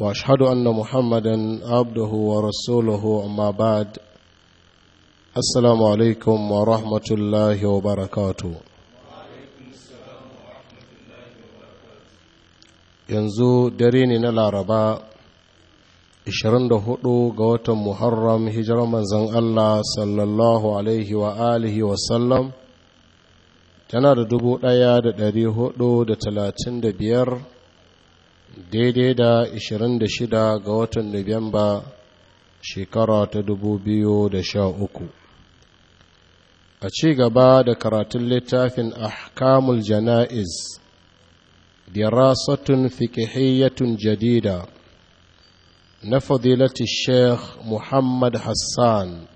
واشهد ان محمدا عبده ورسوله اما بعد السلام عليكم ورحمه الله وبركاته yanzu dare ne na laraba 24 ga watan muharram hijirar manzan allah sallallahu alaihi wa alihi wasallam tana da 1435 daidai da 26 ga watan Nuwamba shekara ta 2013 a ci gaba da karatun littafin ahkamul jana'iz dirasatun fiƙihiyyatun jadida na fadilati sheikh muhammad hassan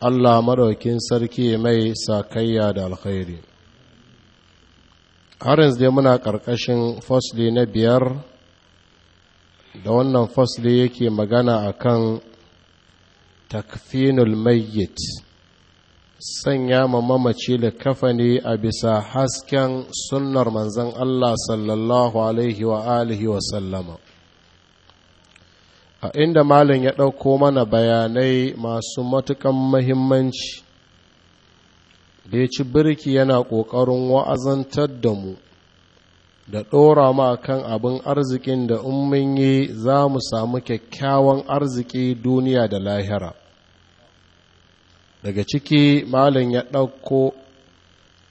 allah maraukin sarki mai sakayya da alkhairi har yanzu muna ƙarƙashin fasli na biyar da wannan fasli yake magana a kan takfinul mayyit sanya ma mamaci da kafani a bisa hasken sunnar manzan Allah sallallahu alaihi wa alihi wa sallama a inda malin ya ɗauko mana bayanai masu matukan mahimmanci da ya ci birki yana ƙoƙarin wa'azantar da mu da ɗora ma kan abin arzikin da mun yi za mu samu kyakkyawan arziki duniya da lahira daga ciki malin ya ɗauko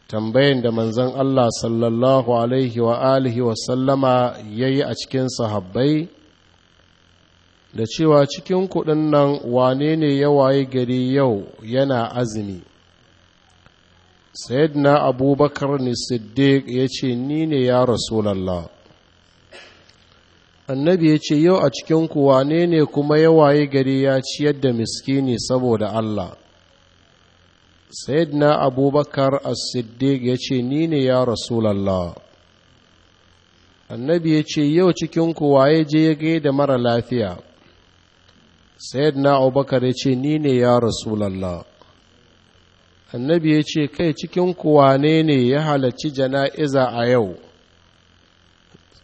tambayin da manzon Allah sallallahu alaihi wa alihi wa sallama ya yi a cikin sahabbai da cewa cikin kuɗin nan wane ne ya waye gari yau yana azumi sayyidina abubakar ne siddiq ya ce ni ne ya rasulallah annabi ya ce yau a cikin wanene ne kuma yawaye gari ya ciyar da miskini saboda allah sayyidina abubakar a siddiq ya ce ni ne ya rasulallah annabi ya ce yau cikin waye je ya gaida mara lafiya sayyidina abubakar ya ce ni ne ya rasulallah annabi ya ce kai cikin kuwane ne ya halarci jana'iza a yau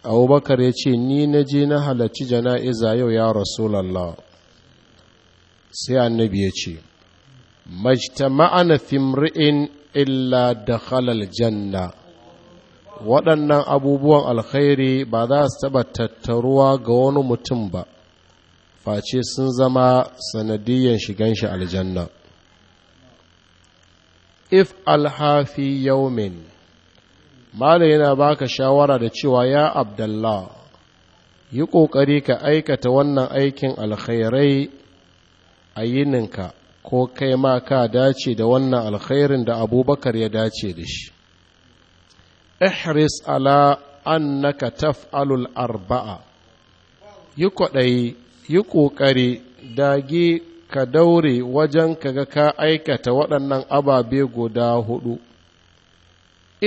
abubakar ya ce ni na je na halarci jana'iza yau ya rasulallah sai annabi ya ce fim fimri'in illa da halal janna waɗannan abubuwan alkhairi ba za su taɓa tattaruwa ga wani mutum ba face sun zama sanadiyyar shigan shi aljanna if alhafi yaumin malam yana baka shawara da cewa ya abdallah yi ƙoƙari ka aikata wannan aikin alkhairai a yininka ko kai ma ka dace da wannan alkhairin da abubakar ya dace da shi ihris ala annaka taf'alul arba'a yi kwaɗayi yi ƙoƙari dage ka daure wajen kaga ka aikata waɗannan ababe guda hudu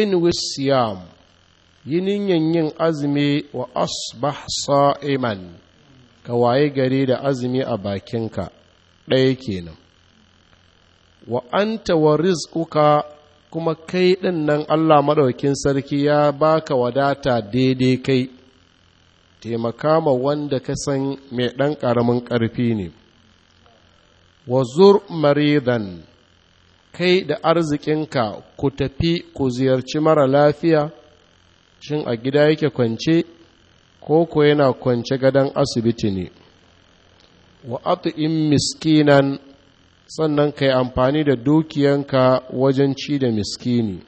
in wisiyam yi niyyar yin azumi wa asbah sa'iman ka waye gari da azumi a bakinka ɗaya kenan wa anta wa rizquka kuma kai ɗin nan Allah maɗaukin sarki ya baka wadata daidai kai taimaka ma wanda ka san mai ɗan ƙaramin ƙarfi ne wa zur maridan kai da arzikinka ku tafi ku ziyarci mara lafiya shin a gida yake kwance ko ku yana kwance gadon asibiti ne wa in miskinan sannan ka amfani da dukiyanka wajen ci da miskini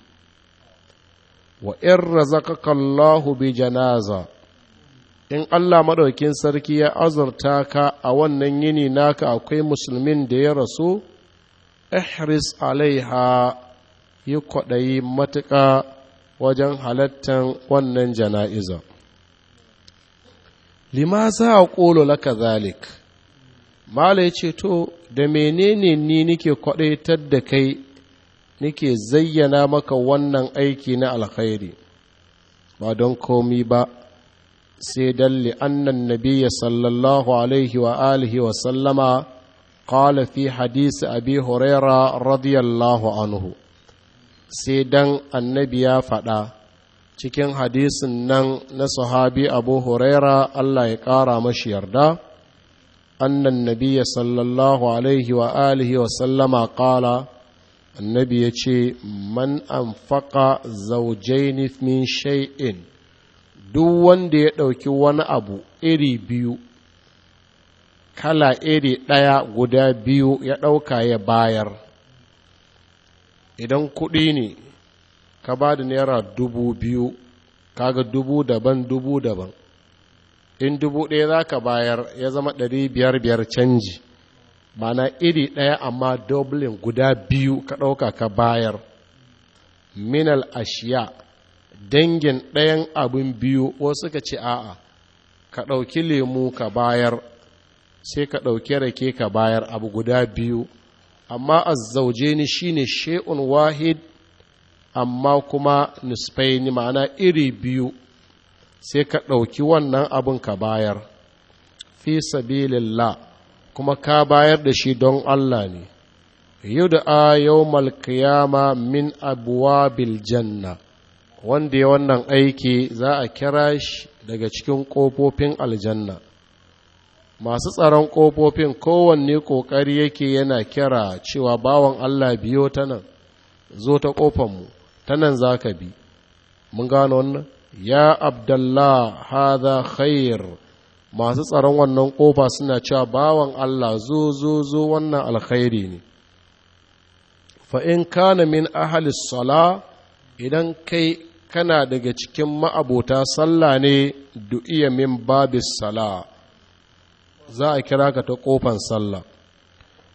wa in razaqaka Allahu bi janaza in Allah maɗaukin sarki ya azurta ka a wannan yini naka akwai musulmin da ya rasu ihris alaiha yi kwaɗayi matuƙa wajen halattan wannan jana'iza lima za a ƙolo laka zalik mala ce to da menene ni nike kwaɗaitar da kai nike zayyana maka wannan aiki na alkhairi ba don komi ba sai dalli annan nabiyya sallallahu alaihi wa alihi wa sallama qala fi hadisi abi huraira radiyallahu anhu sai dan annabi ya faɗa cikin hadisin nan na sahabi abu huraira allah ya ƙara mashi yarda annan nabiyya sallallahu alaihi wa alihi wa sallama qala annabi ya ce man anfaqa zawjaini min shay'in duk wanda ya ɗauki wani abu iri biyu kala iri ɗaya guda biyu ya ɗauka ya bayar idan kuɗi ne ka ba da naira dubu biyu kaga dubu daban dubu daban in dubu ɗaya za ka bayar ya zama ɗari biyar biyar canji mana iri ɗaya amma dublin guda biyu ka ɗauka ka bayar minal ashiya dangin ɗayan abin biyu wasu ka ce a'a ka ɗauki lemu ka bayar sai ka ɗauki rake ka bayar abu guda biyu amma a zauje ni shine she'un wahid amma kuma nisfaini ma'ana iri biyu sai ka ɗauki wannan abin ka bayar fi sabilillah kuma ka bayar da shi don Allah ne Yau yud'a yau qiyama min abuwa janna wanda ya wannan aiki za a kira shi daga cikin ƙofofin aljanna masu tsaron ƙofofin kowanne ƙoƙari yake yana kira cewa bawan Allah biyo ta nan zo ta ƙofanmu ta nan za ka bi mun gano wannan ya abdallah haza khair masu tsaron wannan ƙofa suna cewa bawan Allah zo zo zo wannan alkhairi ne fa in kana min ahli sala idan kai kana daga cikin ma'abota sallah ne du'iya min babis sala za a kira ka ta ƙofan sallah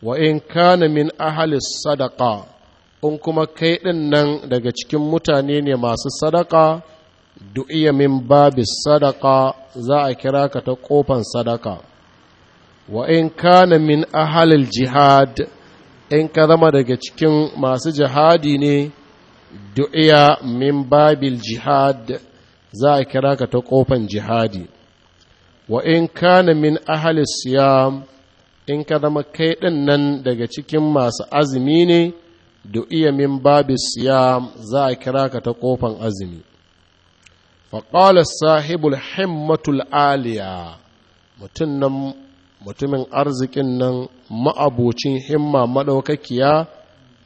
wa in kana min ahalis sadaka in kuma kai ɗin nan daga cikin mutane ne masu sadaka du'iya min babis sadaka za a kira ka ta ƙofan sadaka wa in kana min ahalil jihad in ka zama daga cikin masu jihadi ne du'iya min babil jihad za a kira ka ta kofan jihadi wa in kana min ahli siyam in ka zama kai nan daga cikin masu azumi ne du'iya min babil siyam za a kira ka ta kofan azumi faƙala sahibul himmatul aliya mutum mutumin arzikin nan ma'abocin himma maɗaukakiya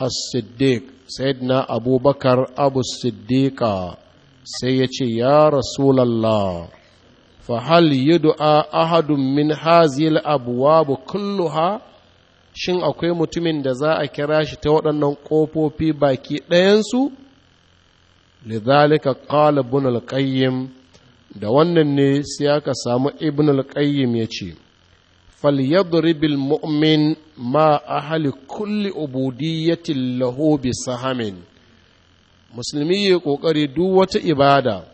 as-siddiq sayyidina abubakar abu siddiqa sai ya ce ya rasulallah fahal yud'a ahadun min hazil abwabu kulluha shin akwai mutumin da za a kira shi ta waɗannan ƙofofi baki ɗayansu lidhalika qala ibn al-qayyim da wannan ne sai aka samu ibn al-qayyim ya ce فليضرب المؤمن ما أهل كل عبودية له بسهم musulmi ya ƙoƙari duk wata ibada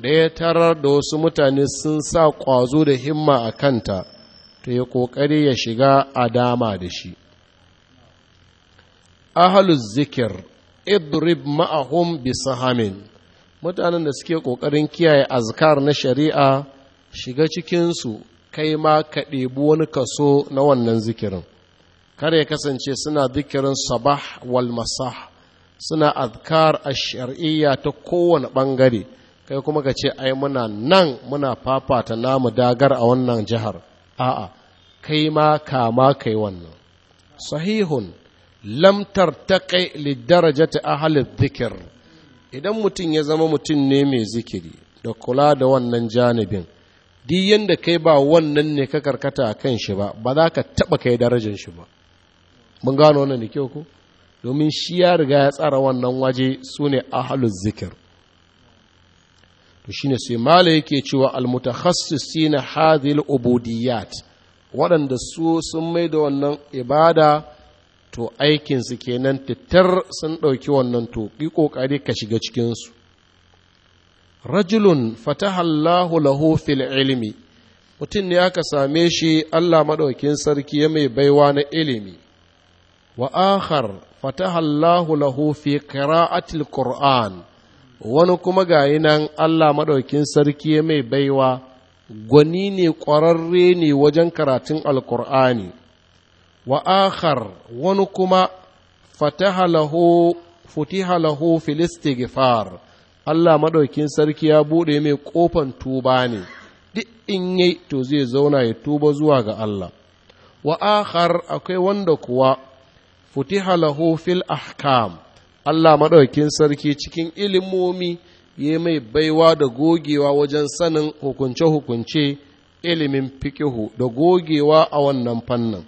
da ya tarar da wasu mutane sun sa ƙwazo da himma a kanta to ya ƙoƙari ya shiga a dama da shi ahalus zikir idrib ma'ahum bi sahamin mutanen da suke ƙoƙarin kiyaye azkar na shari'a shiga cikinsu kai ma ka ɗebi wani kaso na wannan zikirin kar ya kasance suna zikirin sabah wal masah suna azkar a shari'a ta kowane ɓangare kai kuma ka ce ai muna nan muna fafata namu dagar a wannan jihar a'a kai ma kama kai wannan sahihun lamtar ta kai taƙai ta ahalin zikir idan mutum ya zama mutum ne mai zikiri da kula da wannan janibin duk yanda kai ba wannan ne ka karkata a kan shi ba ba za ka taɓa kai darajar shi ba mun gano wannan da kyau ko domin shi ya riga ya tsara wannan waje su ne ahalus zikir to shine sai mala yake cewa almutakhassisina hadhil ubudiyat waɗanda su sun mai da wannan ibada to aikinsu kenan tattar sun ɗauki wannan to ƙi ƙoƙari ka shiga cikinsu rajulun fatahallahu lahu fil ilmi mutum ne aka same shi Allah maɗaukin sarki ya mai baiwa na ilimi wa akhar fatahallahu lahu fi qira'atil qur'an wani kuma gayi nan Allah maɗaukin sarki ya mai baiwa gwani ne ƙwararre ne wajen karatun alkur'ani wa akhar wani kuma fataha fatahalahu fil istighfar Allah maɗaukin sarki ya buɗe mai ƙofan tuba ne duk in yi to zai zauna ya tuba zuwa ga Allah wa akhar akwai wanda kuwa futiha lahu fil ahkam Allah maɗaukin sarki cikin ilimomi ya mai baiwa da gogewa wajen sanin hukunce-hukunce ilimin fikihu da gogewa a wannan fannin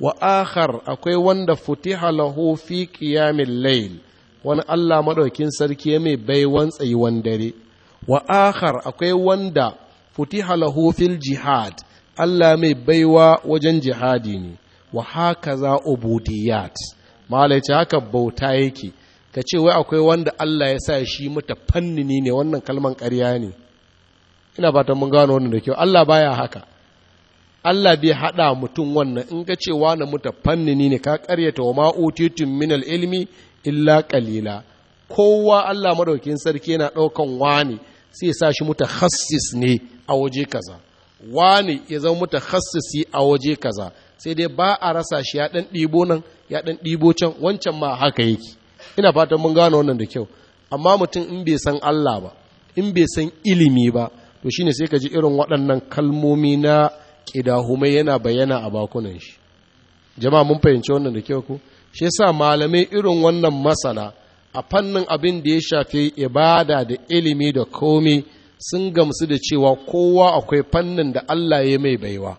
wa akhar akwai wanda futiha lahu fi qiyamil layl wani Allah maɗaukin sarki ya mai baiwan tsayuwan dare wa akhar akwai wanda futi lahu jihad Allah mai baiwa wajen jihadi ne wa haka za ubudiyat malaici haka bauta yake ka ce wai akwai wanda Allah ya sa shi mata fannini ne wannan kalman ƙarya ne ina ta mun gano wannan da kyau Allah baya haka Allah bai haɗa mutum wannan in ka ce na muta fannini ne ka karyata wa ma'utitun minal ilmi illa kalila kowa Allah madaukin sarki yana ɗaukan wani sai sa shi mutakhassis ne a waje kaza wani ya zama mutakhassisi a waje kaza sai dai ba a rasa shi ya ɗan ɗibo nan ya ɗan ɗibo can wancan ma haka yake ina fatan mun gano wannan da kyau amma mutum in bai san Allah ba in bai san ilimi ba to shine sai ka ji irin waɗannan kalmomi na ƙidahumai yana bayyana a bakunan shi jama'a mun fahimci wannan da kyau ko shi yasa malamai irin wannan masana a fannin abin da ya shafi ibada da ilimi da komi sun gamsu da cewa kowa akwai fannin da Allah ya mai baiwa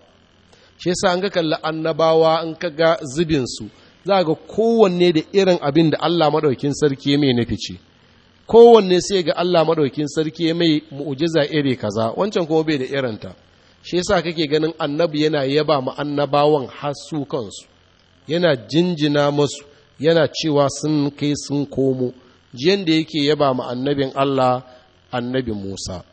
shi yasa an ga kalli annabawa an ka ga zubinsu za ga kowanne da irin abin da Allah maɗaukin sarki mai nufi ce kowanne sai ga Allah maɗaukin sarki mai mu'ujiza iri kaza wancan kuma bai da irinta shi yasa kake ganin annabi yana yaba ma annabawan har su kansu yana jinjina masu yana cewa sun kai sun komo jiyan da yake yaba ma annabin Allah annabi Musa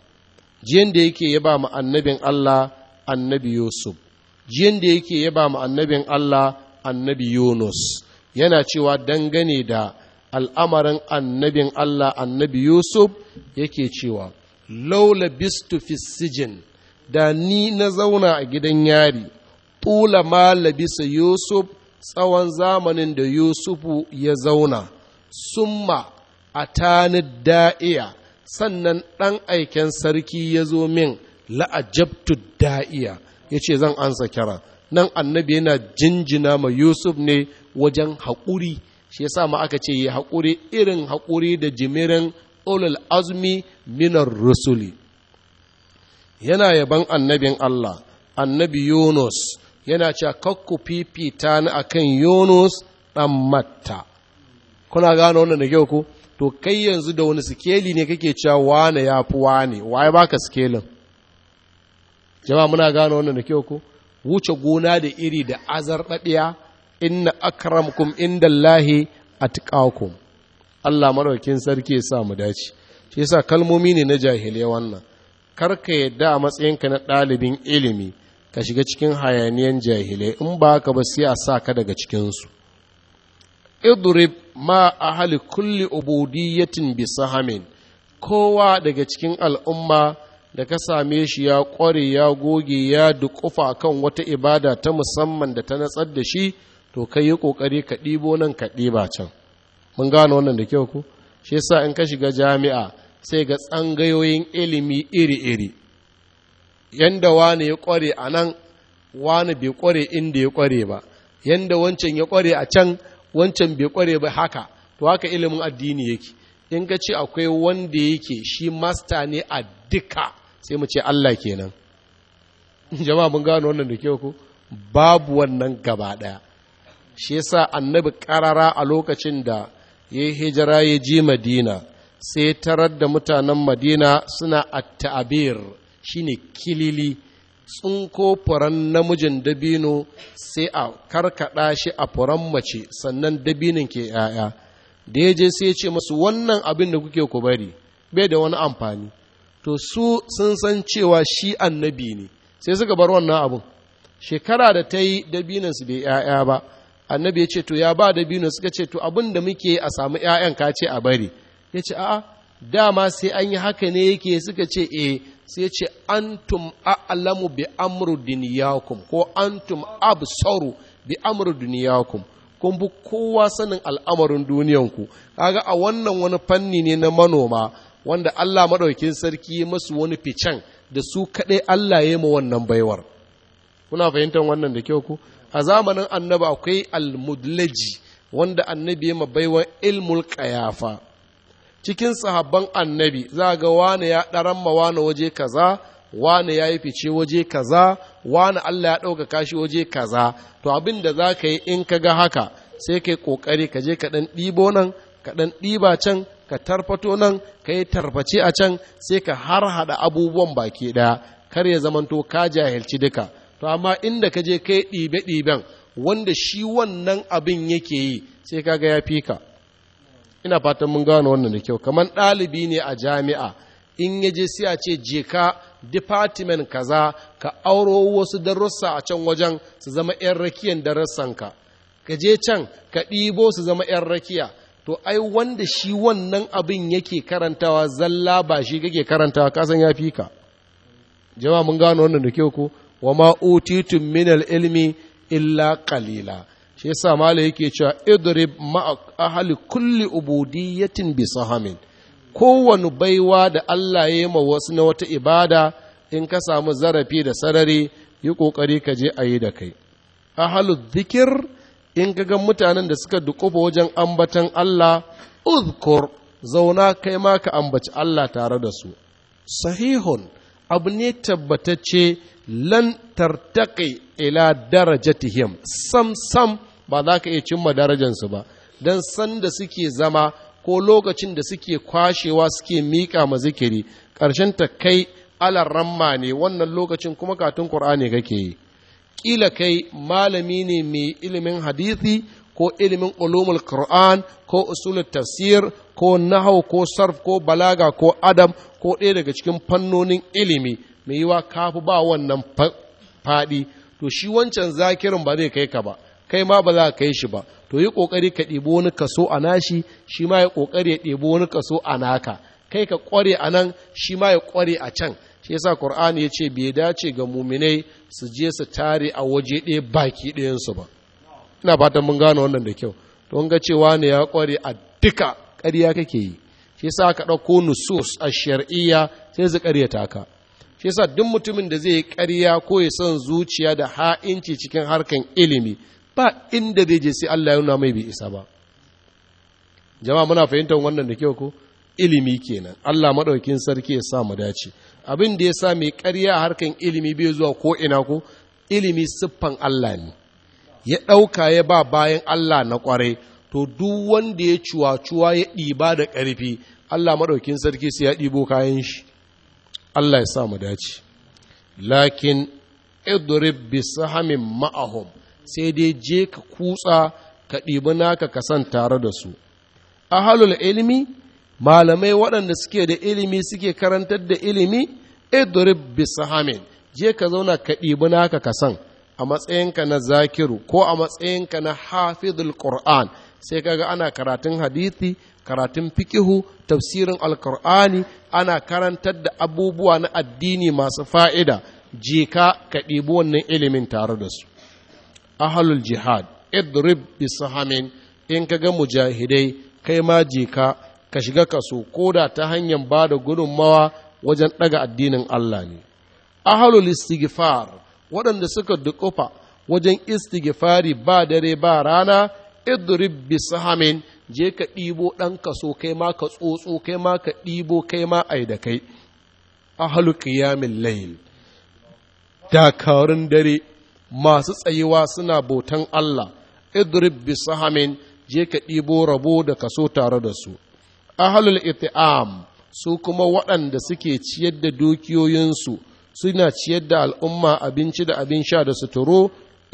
jiyan da yake yaba ma annabin Allah annabi Yusuf jiyan da yake yaba ma annabin Allah annabi Yunus yana cewa dangane da al'amarin annabin Allah annabi Yusuf yake cewa laula bistu fi da ni na zauna a gidan yari tula ma labisa Yusuf tsawon zamanin da yusufu ya zauna summa a tani da'iya sannan ɗan aiken sarki ya zo min la'ajabtu da'iya ya ce zan ansa kira nan annabi yana jinjina ma yusuf ne wajen haƙuri shi yasa ma aka ce ya haƙuri irin haƙuri da jimirin ulul azumi minar rusuli yana yaban annabin allah annabi yunus yana cewa kakku fifita ni akan Yunus ɗan Matta kuna gano wannan da kyau ko to kai yanzu da wani sikeli ne kake cewa wane ya fi wane waye baka sikelin jama'a muna gano wannan da kyau ko wuce gona da iri da azar dadiya inna akramkum indallahi atqakum Allah maraukin sarki ya sa mu dace shi yasa kalmomi ne na jahiliya wannan karka yadda a matsayinka na ɗalibin ilimi ka shiga cikin hayaniyan jahilai in ba ka ba sai a sa ka daga cikinsu idrib ma hali kulli ubudiyatin bi sahamin kowa daga cikin al'umma da ka same shi ya ƙware ya goge ya duƙufa kan wata ibada ta musamman da ta natsar da shi to ka yi ƙoƙari ka ɗibo nan ka ɗiba can mun gano wannan da kyau ku shi yasa in ka shiga jami'a sai ga tsangayoyin ilimi iri-iri yanda wani ya kware a nan wani bai kware inda ya kware ba yanda wancan ya kware a can wancan bai kware ba haka to haka ilimin addini yake in ka ce akwai wanda yake shi masta ne a duka sai mu ce Allah kenan jama'a mun gano wannan da kyau ko babu wannan gaba daya shi yasa annabi karara a lokacin da ya hijira ya ji madina sai tarar da mutanen madina suna at-ta'bir shine kilili tsunko furen namijin dabino sai a karkada shi a furen mace sannan dabinin ke yaya da ya je sai ya ce masu wannan abin da kuke ku bari bai da wani amfani to su sun san cewa shi annabi ne sai suka bar wannan abin shekara da ta yi su bai ‘ya'ya ba annabi ya ce to ya ba dabino suka ce to abin da muke a samu ‘ya'yan ka ce a bari ya ce a'a dama sai an yi haka ne yake suka ce e sai ce antum a'lamu bi amru duniyakum ko antum absaru bi amru duniyakum kun bi kowa sanin al'amarin duniyanku kaga a wannan wani fanni ne na manoma wanda Allah maɗaukin sarki masu wani ficen da su kaɗai Allah ya ma wannan baiwar kuna fahimtar wannan da kyau ku a zamanin annaba akwai almudlaji wanda annabi ya ma baiwar ilmul kayafa cikin sahabban annabi za ga wane ya ɗaran ma wane waje kaza wane ya yi fice waje kaza wane Allah ya ɗaukaka shi waje kaza to abin da za ka yi in ka ga haka sai ka yi ƙoƙari ka je ka ɗan ɗibo nan ka ɗan ɗiba can ka tarfato nan ka yi tarface a can sai ka har haɗa abubuwan baki ɗaya kar ya zamanto ka jahilci duka to amma inda ka je ka yi ɗibe-ɗiben wanda shi wannan abin yake yi sai ka ga ya fi ka ina fatan mun gano wannan da kyau kamar ɗalibi ne a jami'a in ya je siya ce je ka department kaza ka auro wasu darussa a can wajen su zama 'yan rakiyan darussanka ka Ka je can ka ɗibo su zama 'yan rakiya to ai wanda shi wannan abin yake karantawa zalla ba shi kake karantawa kasan ya fi ka Jama'a mun gano wannan da kyau ko wa ma utitun min ilmi illa qalila shi yasa mala yake cewa idrib ma ahli kulli ubudiyatin bi sahamin kowane baiwa da Allah ya yi ma wasu na wata ibada in ka samu zarafi da sarari yi kokari ka je a yi da kai ahalu zikir in ka ga mutanen da suka dukufa wajen ambatan Allah uzkur zauna kai ma ka ambaci Allah tare da su sahihun abu ne tabbatacce lan tartaqi ila darajatihim sam sam ba za ka iya cimma darajansu ba don sanda suke zama ko lokacin da suke kwashewa suke miƙa ma zikiri ƙarshen ta kai alar ramma ne wannan lokacin kuma katun ƙur'ani kake yi ƙila kai malami ne mai ilimin hadithi ko ilimin ulumul qur'an ko usulul tafsir ko nahau ko sarf ko balaga ko adam ko ɗaya daga cikin fannonin ilimi mai yiwa kafi ba wannan faɗi to shi wancan zakirin ba zai kai ka ba kai ma ba za ka kai shi ba to yi kokari ka ɗebo wani kaso a nashi shi ma ya kokari ya ɗebo wani kaso a naka kai ka kware a nan shi ma ya kware a can shi yasa qur'ani ya ce bai dace ga muminai su je su tare a waje ɗaya baki ɗayansu ba ina fatan mun gane wannan da kyau to ga cewa ne ya kware a duka ƙarya kake yi shi yasa ka ɗauko nusus a shari'a sai su ƙaryata ka shi yasa duk mutumin da zai yi ƙarya ko ya son zuciya da ha'inci cikin harkan ilimi ba inda zai je sai Allah ya nuna mai bai isa ba jama'a muna fahimtar wannan da kyau ko ilimi kenan Allah madaukin sarki ya sa mu dace abin da ya sa mai ƙarya harkan ilimi bai zuwa ko ina ko ilimi siffan Allah ne ya ɗauka ya ba bayan Allah na ƙwarai to duk wanda ya cuwa-cuwa ya ɗiba da ƙarfi Allah maɗaukin sarki sai ya ɗibo kayan shi Allah ya sa mu dace lakin idrib bi ma'ahum sai dai je ka kutsa ka ɗibi naka ka san tare da su a halul ilimi malamai waɗanda suke da ilimi suke karantar da ilimi idrib sahamin je ka zauna ka ɗibi naka ka san a matsayinka na zakiru ko a matsayin ka na hafizul qur'an sai kaga ana karatun hadithi karatun fikihu tafsirin alkur'ani ana karantar da abubuwa na addini masu fa'ida je ka ka ɗibi wannan ilimin tare da su ahlul jihad idrib bi sahamin in kaga mujahidai kai ma jika ka shiga kaso koda ta hanyar ba da gudunmawa wajen ɗaga addinin Allah ne ahalul istighfar waɗanda suka dukufa wajen istighfari ba dare ba rana idrib bi sahamin je ka ɗibo ɗan kaso kai ma ka tsotso kai ma ka ɗibo kai ma ai da kai ahalul qiyamil layl dakarun dare masu tsayuwa suna bautan Allah idrib bi sahamin je ka ɗibo rabo da kaso tare da su ahlul iti'am su kuma waɗanda suke ciyar da dukiyoyinsu suna ciyar da al'umma abinci da abin sha da suturo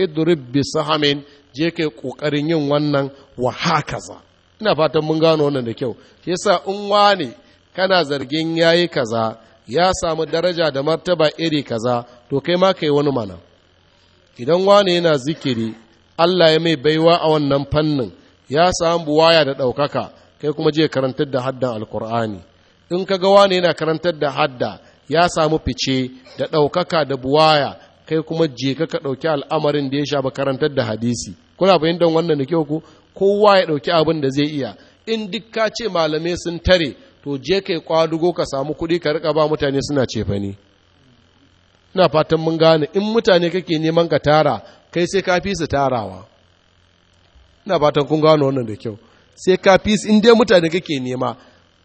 idrib bi sahamin je kai kokarin yin wannan wa hakaza ina fatan mun gano wannan da kyau shi yasa in wane kana zargin yayi kaza ya samu daraja da martaba iri kaza to kai ma kai wani mana idan wane yana zikiri Allah ya mai baiwa a wannan fannin ya samu buwaya da ɗaukaka kai kuma je karantar da haddan alkur'ani in kaga ga wane yana karantar da hadda ya samu fice da ɗaukaka da buwaya kai kuma je ka ɗauki al'amarin da ya sha ba karantar da hadisi kuna fahimtar wannan da kyau ku kowa ya ɗauki abin da zai iya in duk ka ce malamai sun tare to je kai kwadugo ka samu kuɗi ka riƙa ba mutane suna cefane. ina fatan mun gane in mutane kake neman ka tara kai sai ka fi su tarawa ina fatan kun gano wannan da kyau sai ka fi su in dai mutane kake nema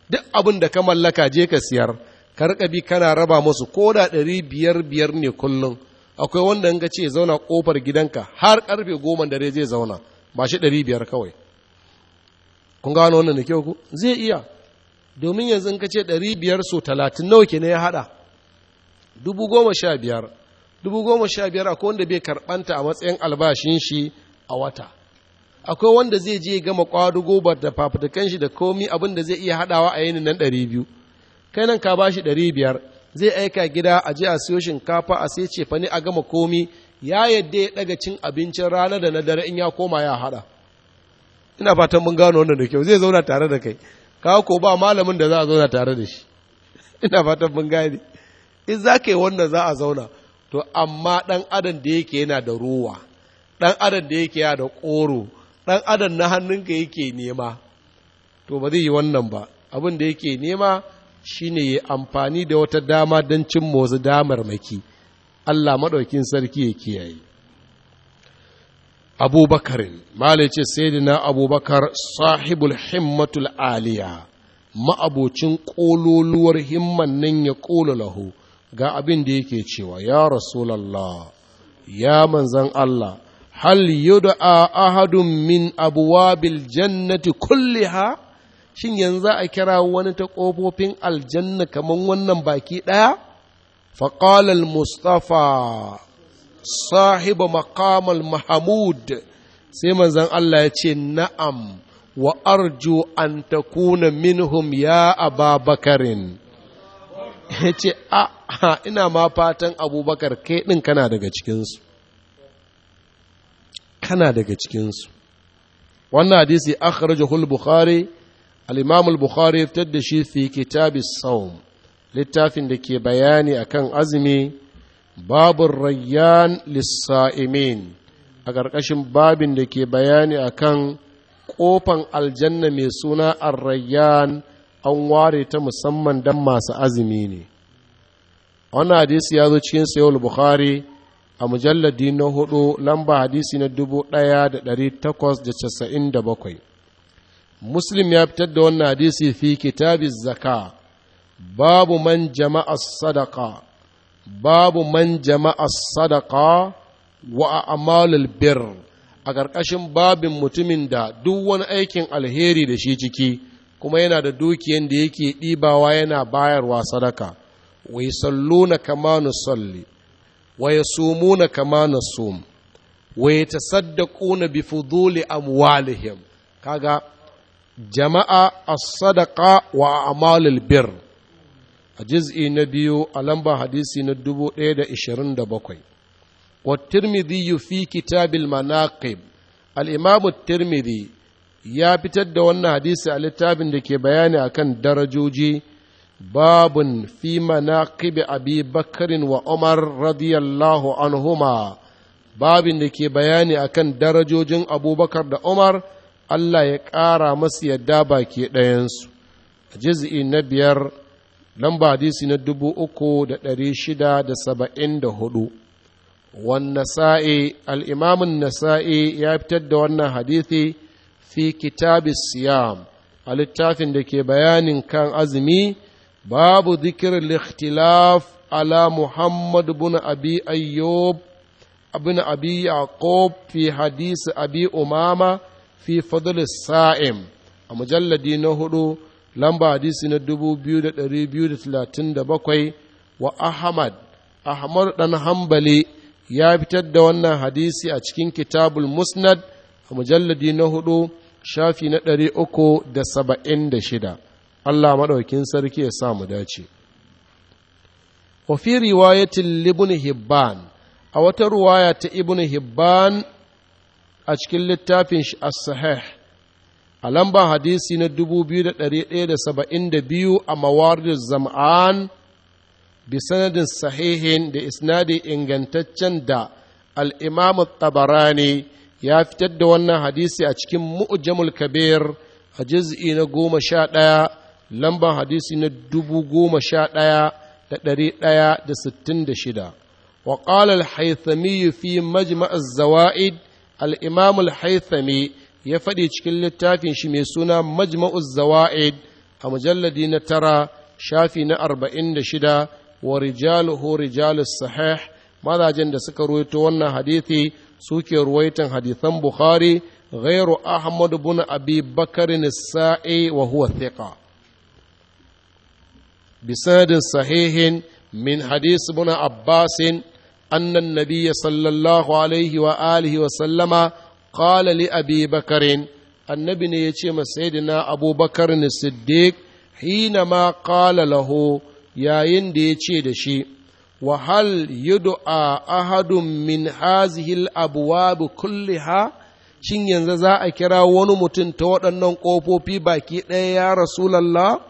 duk abin da ka mallaka je ka siyar ka rika bi kana raba musu ko da ɗari biyar biyar ne kullum akwai wanda in ka ce zauna kofar gidanka har karfe goma dare zai zauna ba shi ɗari biyar kawai kun gano wannan da kyau ku zai iya domin yanzu in ka ce ɗari biyar so talatin nawa ke ne ya haɗa dubu goma sha biyar dubu goma sha biyar akwai wanda bai karɓanta a matsayin albashin shi a wata akwai wanda zai je gama ƙwado goma da fafutukan shi da komi abin da zai iya haɗawa a yinin nan ɗari biyu kai nan ka ba shi ɗari biyar zai aika gida a je a siyo shinkafa a sai cefa ne a gama komi ya yadda ya ɗaga cin abincin rana da na dare in ya koma ya haɗa ina fatan mun gano wannan da kyau zai zauna tare da kai kawo ko ba malamin da za a zauna tare da shi ina fatan mun gane in za ka yi wannan za a zauna to amma ɗan adam da yake yana da ruwa ɗan adam da yake yana da ƙoro ɗan adam na hannunka yake nema to ba zai yi wannan ba abin da yake nema shine ya amfani da wata dama don cin wasu damarmaki Allah maɗaukin sarki ya kiyaye abubakarin sai ce na abubakar sahibul himmatul aliya ma'abocin ƙololuwar himman nan ya ƙolo lahu ga abin da yake cewa ya rasulallah ya manzan Allah hal yud'a ahadun min abwabil jannati kulliha shin yanzu a kira wani ta ƙofofin aljanna kamar wannan baki ɗaya sahiba المصطفى mahamud sai manzan Allah ya ce na'am wa وأرجو an ta kuna minhum ya بكر ya ce a ina ma fatan abubakar kai ɗin kana daga cikinsu kana daga cikinsu wannan hadisi akhrajahul bukhari al-imam al-bukhari ya fitar da shi fi kitab as littafin da ke bayani akan azumi babur rayyan lis a ƙarƙashin babin da ke bayani akan kofan aljanna mai suna ar-rayyan an ware ta musamman don masu azumi ne Wani hadisi ya zo cikin sayowar bukhari a mujallar na hudu lamba hadisi na 1897 muslim ya fitar da wannan hadisi fi kitabi zaka babu man jama'a sadaka babu man jama'a sadaka wa amalul bir a ƙarƙashin babin mutumin da duk wani aikin alheri da shi ciki kuma yana da dukiyan da yake ɗibawa yana bayarwa sadaka wa na kama nusalli wa na kama ta wa na bi fuduli amwalihim kaga jama'a a sadaka wa a'malul bir a juz'i na biyu a lamba hadisi na bakwai. wa tirmidhi fi kitabil manaqib al-imam tirmidhi ya fitar da wannan hadisi a littafin da ke bayani akan darajoji babun fi kibi abi bakarin wa umar radiyallahu anhuma babin da ke bayani akan darajojin abubakar da umar allah ya ƙara masu yadda ba ke ɗayansu a jiz'i na biyar lamba hadisi na dubu uku da ɗari shida da saba'in da hudu wannan sa'i al'imamun nasa'i ya fitar da wannan hadisi. fi kitabis siyam a littafin da ke bayanin kan azumi babu zikirin likhtilaf ala muhammad bin abi ayyub abin abi yaqub fi hadisi abi umama fi fadl sa'im a mujalladi na hudu lamba hadisi na 2237 wa ahmad ahmad dan hambali ya fitar da wannan hadisi a cikin kitabul musnad a mujalladi na hudu shafi na ɗari uku da saba'in da shida Allah maɗaukin sarki ya samu dace wafi riwayatin libin hibban a wata ruwaya ta ibn hibban a cikin littafin shi a sahih a lamba hadisi na 2172 a mawarid zam'an bi sanadin sahihin da isnadi ingantaccen da al'imamu tabarani ya fitar da wannan hadisi a cikin mu'jamul kabir a juz'i na goma sha ɗaya lamban hadisi na dubu goma sha ɗaya da ɗari ɗaya da sittin da shida wa ƙala al fi zawaid al Haithami, ya faɗi cikin littafin shi mai suna majma'u zawaid a mujalladi na tara shafi na arba'in da shida wa rijaluhu rijalus sahih mazajen da suka ruwaito wannan hadithi suke ruwaitar hadisan Bukhari gairu Ahmad bin Abi Bakar Nisa'i wa huwa sahihin min hadis bin Abbas anna an-nabiy sallallahu alayhi wa wa sallama qala li Abi Bakar annabi ne yace ma sayyidina Abu Bakar Siddiq hina ma qala lahu yayin da yace da shi وهل يدعى أحد من هذه الأبواب كلها shin yanzu za a kira wani mutum ta waɗannan ƙofofi baki ɗaya ya rasulallah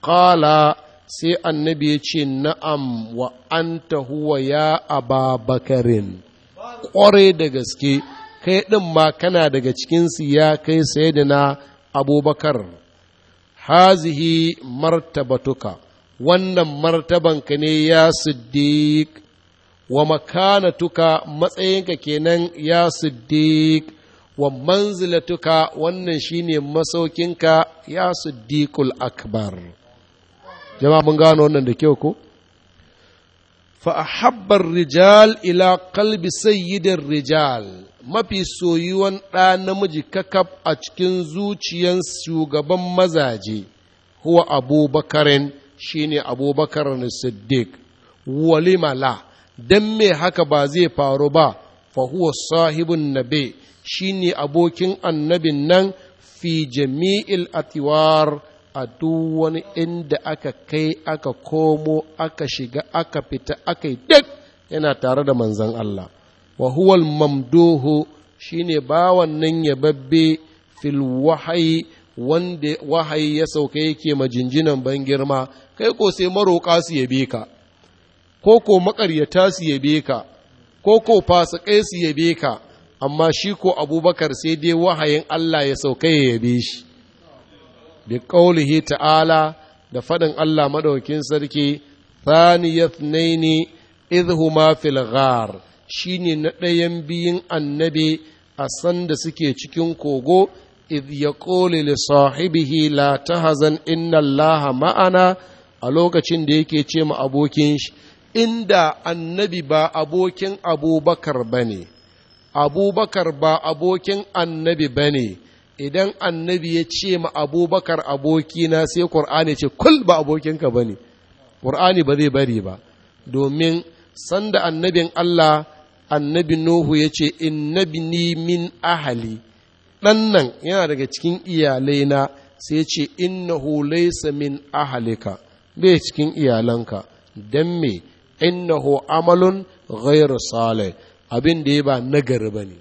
ƙala sai annabi ya ce na'am wa anta huwa ya ababakarin ƙware da gaske kai ɗin ma kana daga cikinsu ya kai na abubakar hazihi martabatuka wannan martabanka ne ya siddiq wa makanatuka matsayinka kenan ya siddiq wa manzilatuka wannan shine masaukinka ya siddiqul akbar jama'a mun gano wannan da kyau ko Fa فأحب rijal ila qalbi sayyidir Rijal mafi soyuwan ɗa namiji kakaf a cikin zuciyan shugaban mazaje huwa abubakarin shine abubakar na siddiq walimala don me haka ba zai faru ba fahuwa sahibin sahibun nabe shine abokin annabin nan fi jami'il atiwar a duk wani inda aka kai aka komo aka shiga aka fita aka yi duk yana tare da manzan Allah wa mamduhu shine bawan nan yababbe fil wahayi wanda wahayi ya sauka yake majinjinan ban girma kai ko sai maroƙa su yabe ka ko ko maƙaryata su yabe ka ko ko fasikai su yabe ka amma shi ko abubakar sai dai wahayin Allah ya sauka ya yabe shi bi qaulihi ta'ala da faɗin Allah madaukin sarki thaniyat naini idhuma fil ghar shine na ɗayan biyun annabi a san da suke cikin kogo idh yaqulu li sahibihi la tahzan inna Allaha ma'ana a lokacin da yake ce ma abokin shi inda annabi ba abokin abubakar ba ne abubakar ba abokin annabi ba ne idan annabi ya ce ma abubakar abokina sai ƙur'ani ce kul ba abokinka ba ne ƙur'ani ba zai bari ba domin sanda annabin allah annabi nuhu ya ce innabi ni min ahali ɗan nan yana daga cikin iyalai na sai ce innahu laysa min ahalika bai cikin iyalanka don me innahu amalun ghairu salih abin da ya ba nagari ba ne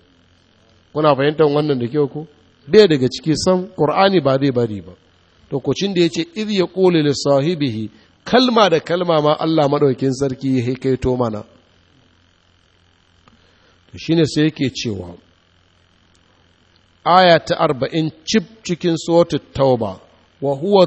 kuna fahimtar wannan da kyau ku bai daga ciki sam qur'ani ba zai bari ba to kucin da ce idh yaqulu da sahibihi kalma da kalma ma Allah maɗaukin sarki ya to mana to shine sai yake cewa aya ta arba'in cif cikin suratul tauba wa huwa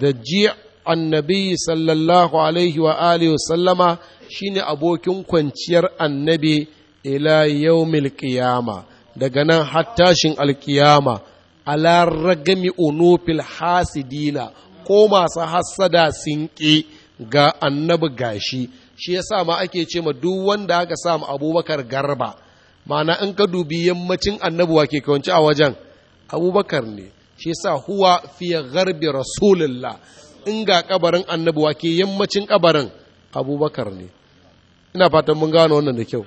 dajji' annabi sallallahu alaihi wa alihi wa sallama shine abokin kwanciyar annabi ila yaumil qiyama daga nan har tashin alkiyama ala ragami unufil hasidina ko masu hassada sun ga annabi gashi shi ya sa ma ake ce ma duk wanda aka sa abubakar garba mana in ka dubi yammacin annabuwa ke kawance a wajen abubakar ne shi ya sa huwa fiye garbi rasulullah in ga kabarin annabi wake yammacin kabarin abubakar ne ina fatan mun gano wannan da kyau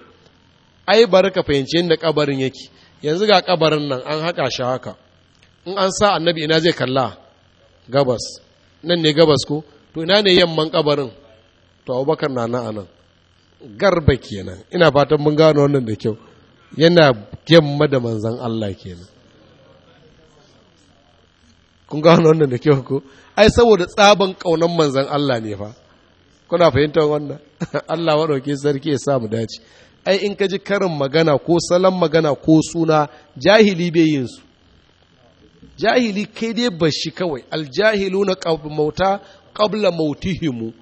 ai bari ka fahimci yadda kabarin yake yanzu ga kabarin nan an haka shi haka in an sa annabi ina zai kalla gabas nan ne gabas ko to ina ne yamman kabarin to abubakar na nan anan garba kenan ina fatan mun gano wannan da kyau yana yamma da manzan Allah kenan kun gano wannan da kyau ko ai saboda tsaban ƙaunar manzan Allah ne fa kuna fahimtar wannan Allah waɗauke sarki ya samu dace ai in ka ji karin magana ko salon magana ko suna jahili bai yin su jahili kai dai bashi kawai aljahilu na mauta qabla mautihimu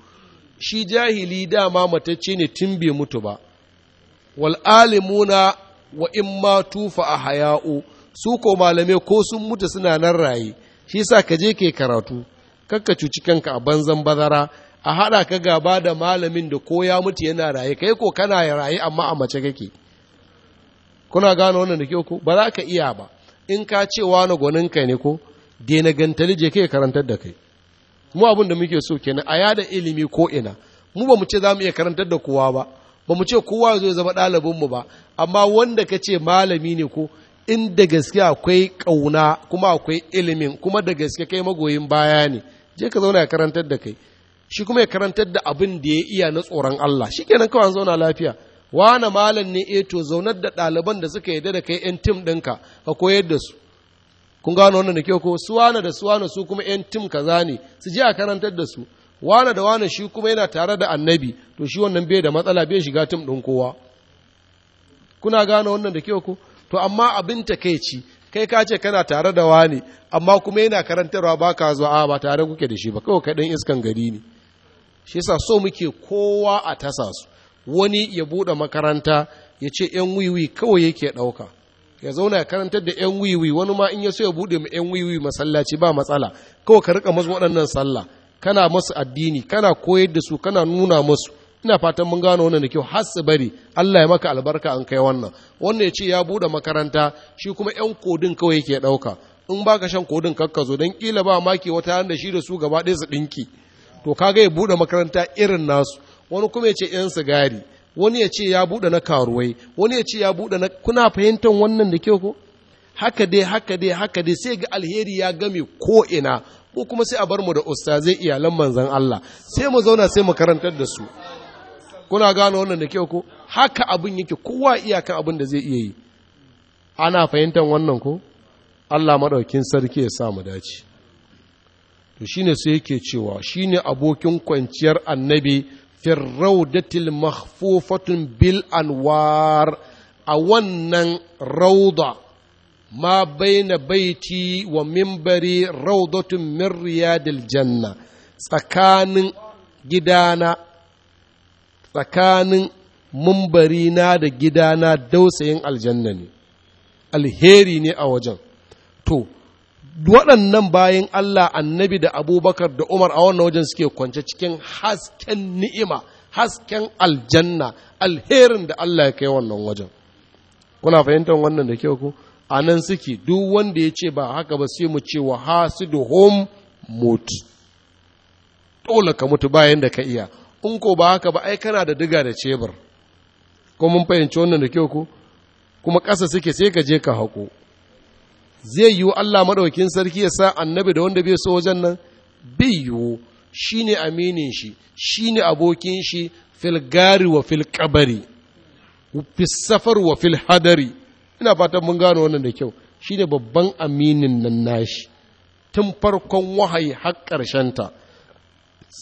shi jahili dama matacce ne tun bai mutu ba Wal'alimuna alimuna wa in ma tufa a haya'u su ko malamai ko sun mutu suna nan raye shi sa ka je ke karatu kakka cuci kanka a banzan bazara a haɗa ka gaba da malamin da ko ya mutu yana raye kai ko kana raye amma a mace kake kuna gane wannan da ku ba za ka iya ba in ka ce wani gwanin kai ne ko dena gantali je kai karantar da kai mu abin da muke so kenan a yada ilimi ko ina mu ba mu ce za mu iya karantar da kowa ba ba mu ce kowa zai zama ɗalibin mu ba amma wanda ka ce malami ne ko in da gaske akwai ƙauna kuma akwai ilimin kuma da gaske kai magoyin baya ne je ka zauna ya karantar da kai shi kuma ya karantar da abin da ya iya na tsoron Allah shi kenan kawai zauna lafiya wane malam ne eto eh to zaunar da ɗaliban da suka yarda da kai yan tim ɗinka ka koyar da su kun gano wannan da kyau ko su wane da su wane su kuma yan tim kaza ne su je a karantar da su wane da wane shi kuma yana tare da annabi to shi wannan bai da matsala bai shiga tim ɗin kowa kuna gano wannan da kyau ko to amma abin takeici kai ka ce kana tare da wani amma kuma yana karantarwa ba ka zuwa a ba tare kuke da shi ba kawai kaɗan iskan gari ne shi yasa so muke kowa a tasa su wani ya buɗe makaranta ya ce yan wiwi kawai yake ɗauka ya zauna ya karantar da yan wiwi wani ma in ya so ya buɗe ma yan wiwi masallaci ba matsala kawai ka riƙa masu waɗannan sallah kana masu addini kana koyar da su kana nuna masu ina fatan mun gano wannan da kyau har su bari Allah ya maka albarka an kai wannan wannan ya ce ya bude makaranta shi kuma yan kodin kawai yake dauka in baka shan kodin kakka zo dan kila ba maki wata da shi da su gaba ɗaya su dinki to kaga ya bude makaranta irin nasu wani kuma ya ce yan sigari wani ya ce ya bude na karuwai wani ya ce ya bude na kuna fahimtar wannan da kyau ko haka dai haka dai haka dai sai ga alheri ya game ko ina ko kuma sai a bar mu da ustazai iyalan manzon Allah sai mu zauna sai mu karantar da su kuna gano wannan da kyau ko haka abin yake kowa iyakan abin da zai iya yi ana fahimtar wannan ko Allah maɗaukin sarki ya sa mu dace to shine sai yake cewa shine abokin kwanciyar annabi firraudatil mahfufatun bil anwar a wannan rauda ma baina baiti wa mimbari raudatun min riyadil janna tsakanin gidana tsakanin mumbari na da na dausayin aljanna ne alheri ne a wajen to waɗannan bayan Allah annabi da abubakar da umar a wannan wajen suke kwance cikin hasken ni'ima hasken aljanna alherin da Allah ya kai wannan wajen kuna fahimtar wannan da kyau ku a nan suke duk wanda ya ce ba haka ba sai mu ce wa hasidu hom mut dole ka mutu bayan da ka iya in ko ba haka ba ai kana da diga da cebur ko mun fahimci wannan da kyau ko kuma ƙasa suke sai ka je ka haƙo zai yiwu Allah maɗaukin sarki ya sa annabi da wanda bai so wajen nan bai yiwu shi ne aminin shi shi ne abokin shi filgari wa filƙabari fisafar wa filhadari ina fatan mun gano wannan da kyau shi ne babban aminin nan nashi tun farkon wahayi har ƙarshenta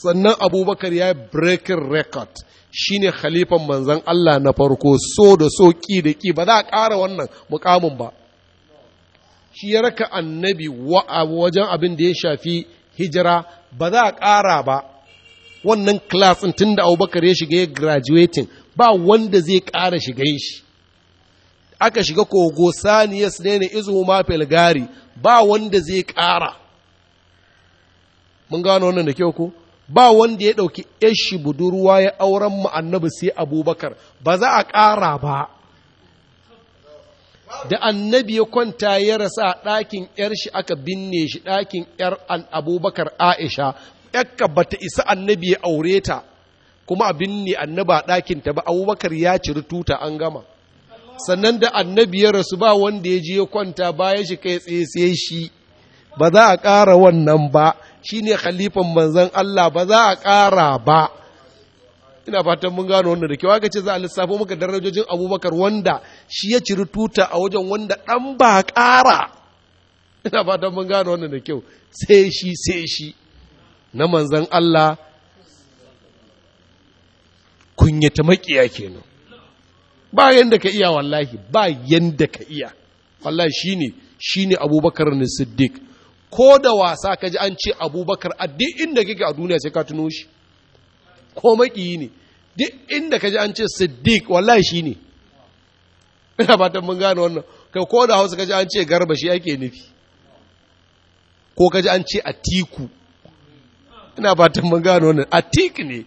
sannan abubakar ya yi breaking record shine khalifan manzan Allah na farko so da so ki da ki ba za a ƙara wannan mukamin ba shi ya raka annabi wajen abin da ya shafi hijira ba za a ƙara ba wannan klasin tun da abubakar ya shiga ya graduating ba wanda zai ƙara shiga shi aka shiga kogo saniyas ne ne izu ma ba wanda zai ƙara mun gano wannan da kyau ko ba wanda ya ɗauki yashi budurwa ya auren mu annabi sai abubakar ba za a ƙara ba da annabi ya kwanta ya rasa ɗakin ‘yar shi aka binne shi ɗakin ‘yar abubakar aisha ‘yakka ba ta isa annabi ya aure ta kuma a binne annaba ɗakin ta ba abubakar ya ciri tuta an gama sannan da annabi ya rasu ba wanda ya je ya kwanta ya shi kai tsaye sai shi ba za a ƙara wannan ba Shi ne khalifan manzan Allah ba za a ƙara ba ina fatan mun gano wannan da kyau aka ce za a lissafo muka darajojin abubakar wanda shi ya ciri tuta a wajen wanda ɗan ba ƙara ina fatan mun gano wannan da kyau sai shi sai shi na manzan Allah kunyata maƙiya kenan ba yanda ka iya wallahi ba yanda ka iya wallahi shi ne abubakar ne siddiq ko da wasa ka ji an ce abubakar a duk inda kake a duniya sai ka tuno shi ko makiyi ne duk inda ka ji an ce siddiq wallahi shi ne ina fatan mun gane wannan kai ko da hausa ka ji an ce garba shi ake nufi ko ka ji an ce atiku ina fatan mun gane wannan atik ne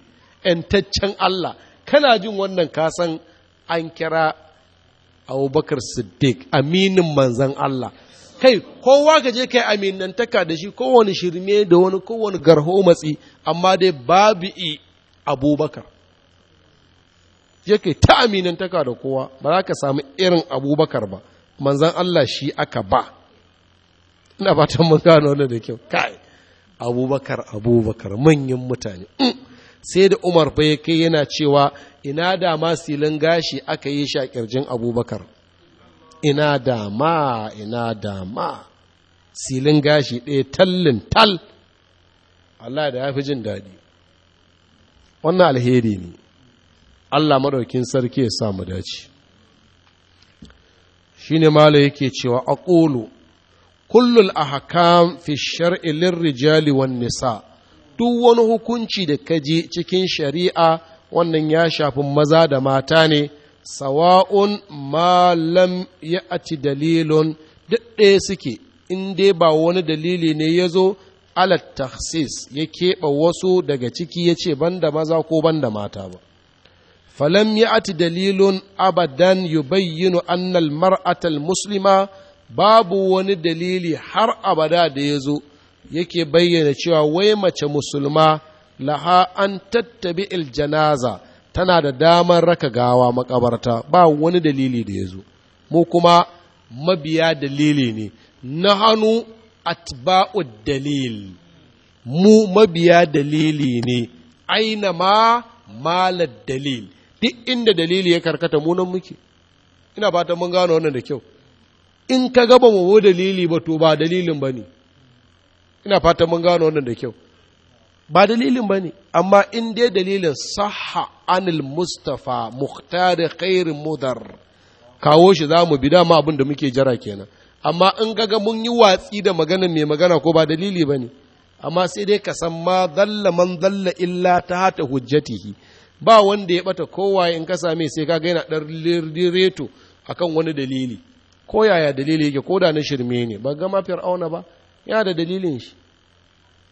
‘yantaccen Allah, kana jin wannan kasan an kira Abubakar Siddiq, aminin manzan Allah, kai kowa ka je kai aminantaka da shi kowane shirme da wani kowane garho matsi amma dai babu i abubakar je kai ta aminantaka da kowa ba za ka samu irin abubakar ba manzan Allah shi aka ba ina fatan mun gano wannan da kyau kai abubakar abubakar manyan mutane mm. sai da umar bai kai yana cewa ina da ma silin gashi aka yi shi a kirjin abubakar ina dama ina dama silin gashi ɗaya tallin tal Allah da ya fi jin daɗi wannan alheri ne Allah maɗaukin sarki ya samu dace shi ne mala yake cewa a ƙolo kullul hakan fi shar'ilin rijali wan nisa duk wani hukunci da kaji cikin shari'a wannan ya shafi maza da mata ne sawa'un malam ya aci dalilun duk suke in dai ba wani dalili ne ya zo alat ya keɓa wasu daga ciki ya ce banda maza ko banda mata ba falam ya ati dalilun abadan yubayyinu annal mar'atal muslima babu wani dalili har abada da ya zo yake bayyana cewa wai mace musulma laha an tattabi janaza tana da damar raka gawa makabarta ba wani dalili da ya zo mu kuma mabiya dalili ne na hannu atba'u dalil mu mabiya dalili ne aina ma malar dalil duk inda dalili ya karkata munan muke ina ba ta mun gano wannan da kyau in ka gaba mu dalili ba to ba dalilin ba ne ina fata mun gano wannan da kyau ba dalilin ba ne amma in dai dalilin saha anil mustafa muhtari khairin mudar kawo shi za mu bi dama abin da muke jira kenan amma in gaga mun yi watsi da magana mai magana ko ba dalili ba ne amma sai dai ka san ma zalla man zalla illa ta hata hujjatihi ba wanda ya bata kowa in ka same sai ka ga yana dan akan wani dalili ko yaya dalili yake ko da na shirme ne ba ga ma fir'auna ba yana da dalilin shi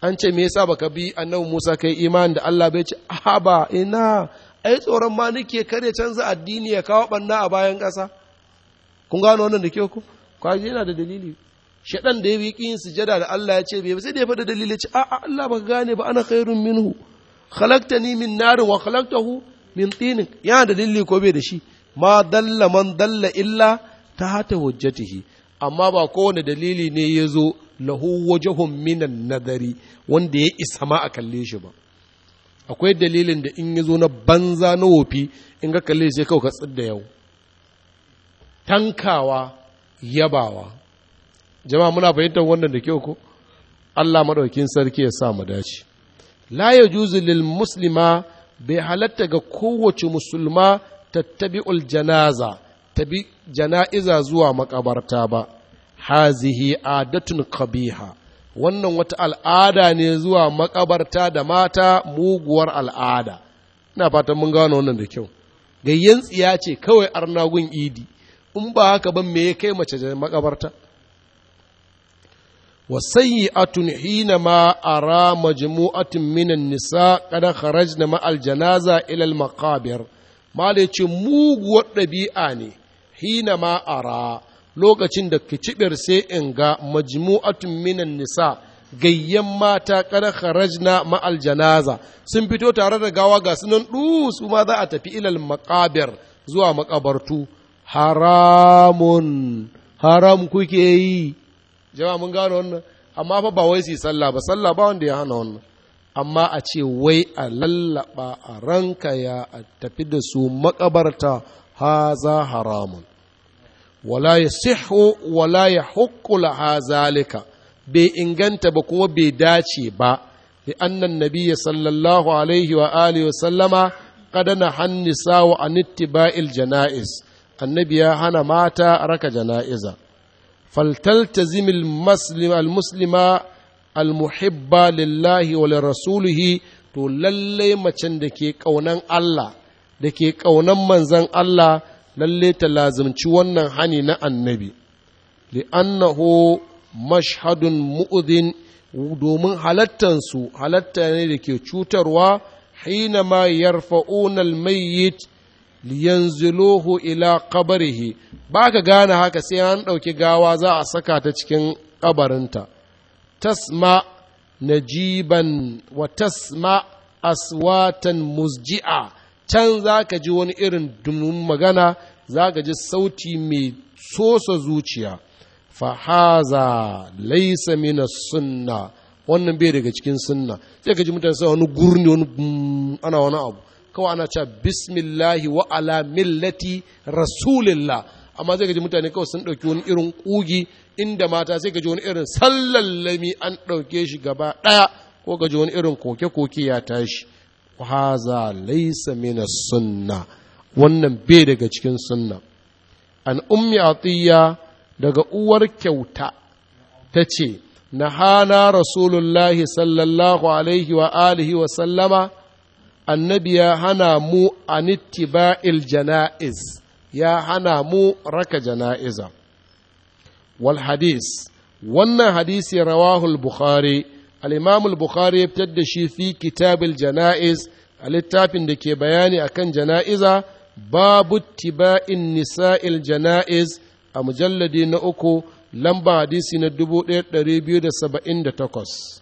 an ce me yasa baka bi annabi Musa kai imani da Allah bai ce haba ina ai tsoron ma nake kare canza addini ya kawo banna a bayan ƙasa kun gano wannan da ke ku kwaje yana da dalili shaɗan da ya yi yin sujada da Allah ya ce bai sai da ya faɗa dalili ce a'a Allah baka gane ba ana khairun minhu khalaqtani min narin wa khalaqtahu min tsinin. yana da dalili ko bai da shi ma dalla man dalla illa ta hata hujjatihi amma ba kowane dalili ne ya zo lahu wajahun minan nadari wanda ya isa ma a kalle shi ba akwai dalilin da in ya zo na banza na wofi in ga kalle sai kawo ka da yau tankawa yabawa jama'a muna fahimtar wannan da kyau ko Allah maɗaukin sarki ya sa mu dace la yajuzu lil muslima bai halatta ga kowace musulma tattabi'ul janaza tabi jana'iza zuwa makabarta ba hazihi adatun kabiha wannan wata al'ada ne zuwa makabarta da mata muguwar al'ada ina fatan mun gano wannan da kyau gayyan tsiya ce kawai arnagun idi in ba haka ban me ya kai mace da makabarta wa sayyi'atun hina ma ara majmu'atun minan nisa kada kharajna ma al janaza ila al maqabir mala ce muguwar ɗabi'a ne hina ma ara lokacin da kicibir sai in ga majmu'atun minan nisa gayyan mata kada kharajna ma'al janaza sun fito tare da gawa ga sunan su ma za a tafi ilal maqabir zuwa makabartu haramun haram kuke yi jama'a mun gano wannan amma fa ba wai su sallah ba sallah ba wanda ya hana wannan amma a ce wai a lallaba a ranka ya a tafi da su makabarta haza haramun wala ya sihu wala ya hukula ha zalika bai inganta ba kuma bai dace ba da annan nabiya sallallahu alaihi wa alihi sallama kadana hannisa wa anittiba'il jana'iz annabi ya hana mata raka jana'iza فلتلتزم المسلم المسلمة المحبة لله ولرسوله to lallai macen da ke ƙaunan da ke ƙaunan manzan Allah lalle ta lazimci wannan hani na annabi li'annahu mashhadun mu'udin domin halattansu halatta ne da ke cutarwa hina ma yarfa'una almayyit liyanziluhu ila qabrihi baka gane haka sai an ɗauki gawa za a saka ta cikin kabarinta tasma najiban wa tasma aswatan muzji'a can za ka ji wani irin dumin magana za ka ji sauti mai sosa zuciya fahaza laisa mina sunna wannan bai daga cikin sunna sai ka ji mutane sai wani gurni wani ana wani abu kawai ana cewa bismillahi wa ala millati rasulillah amma sai ka ji mutane kawai sun ɗauki wani irin ƙugi inda mata sai ka ji wani irin sallallami an ɗauke shi gaba ɗaya ko ka ji wani irin koke-koke ya tashi haza laysa min sunna wannan bai daga cikin sunna an ummi atiya daga uwar kyauta ta ce nahana rasulullahi sallallahu alaihi wa alihi wa sallama annabi ya hana mu anittiba'il jana'iz ya hana mu raka jana'iza wal hadis wannan hadisi rawahul bukhari al-imam bukhari ya fitar da shi fi kitabil janaiz a littafin da ke bayani akan jana'iza babu tiba'in nisa'il jana'iz a mujalladi na uku lamba hadisi na 1278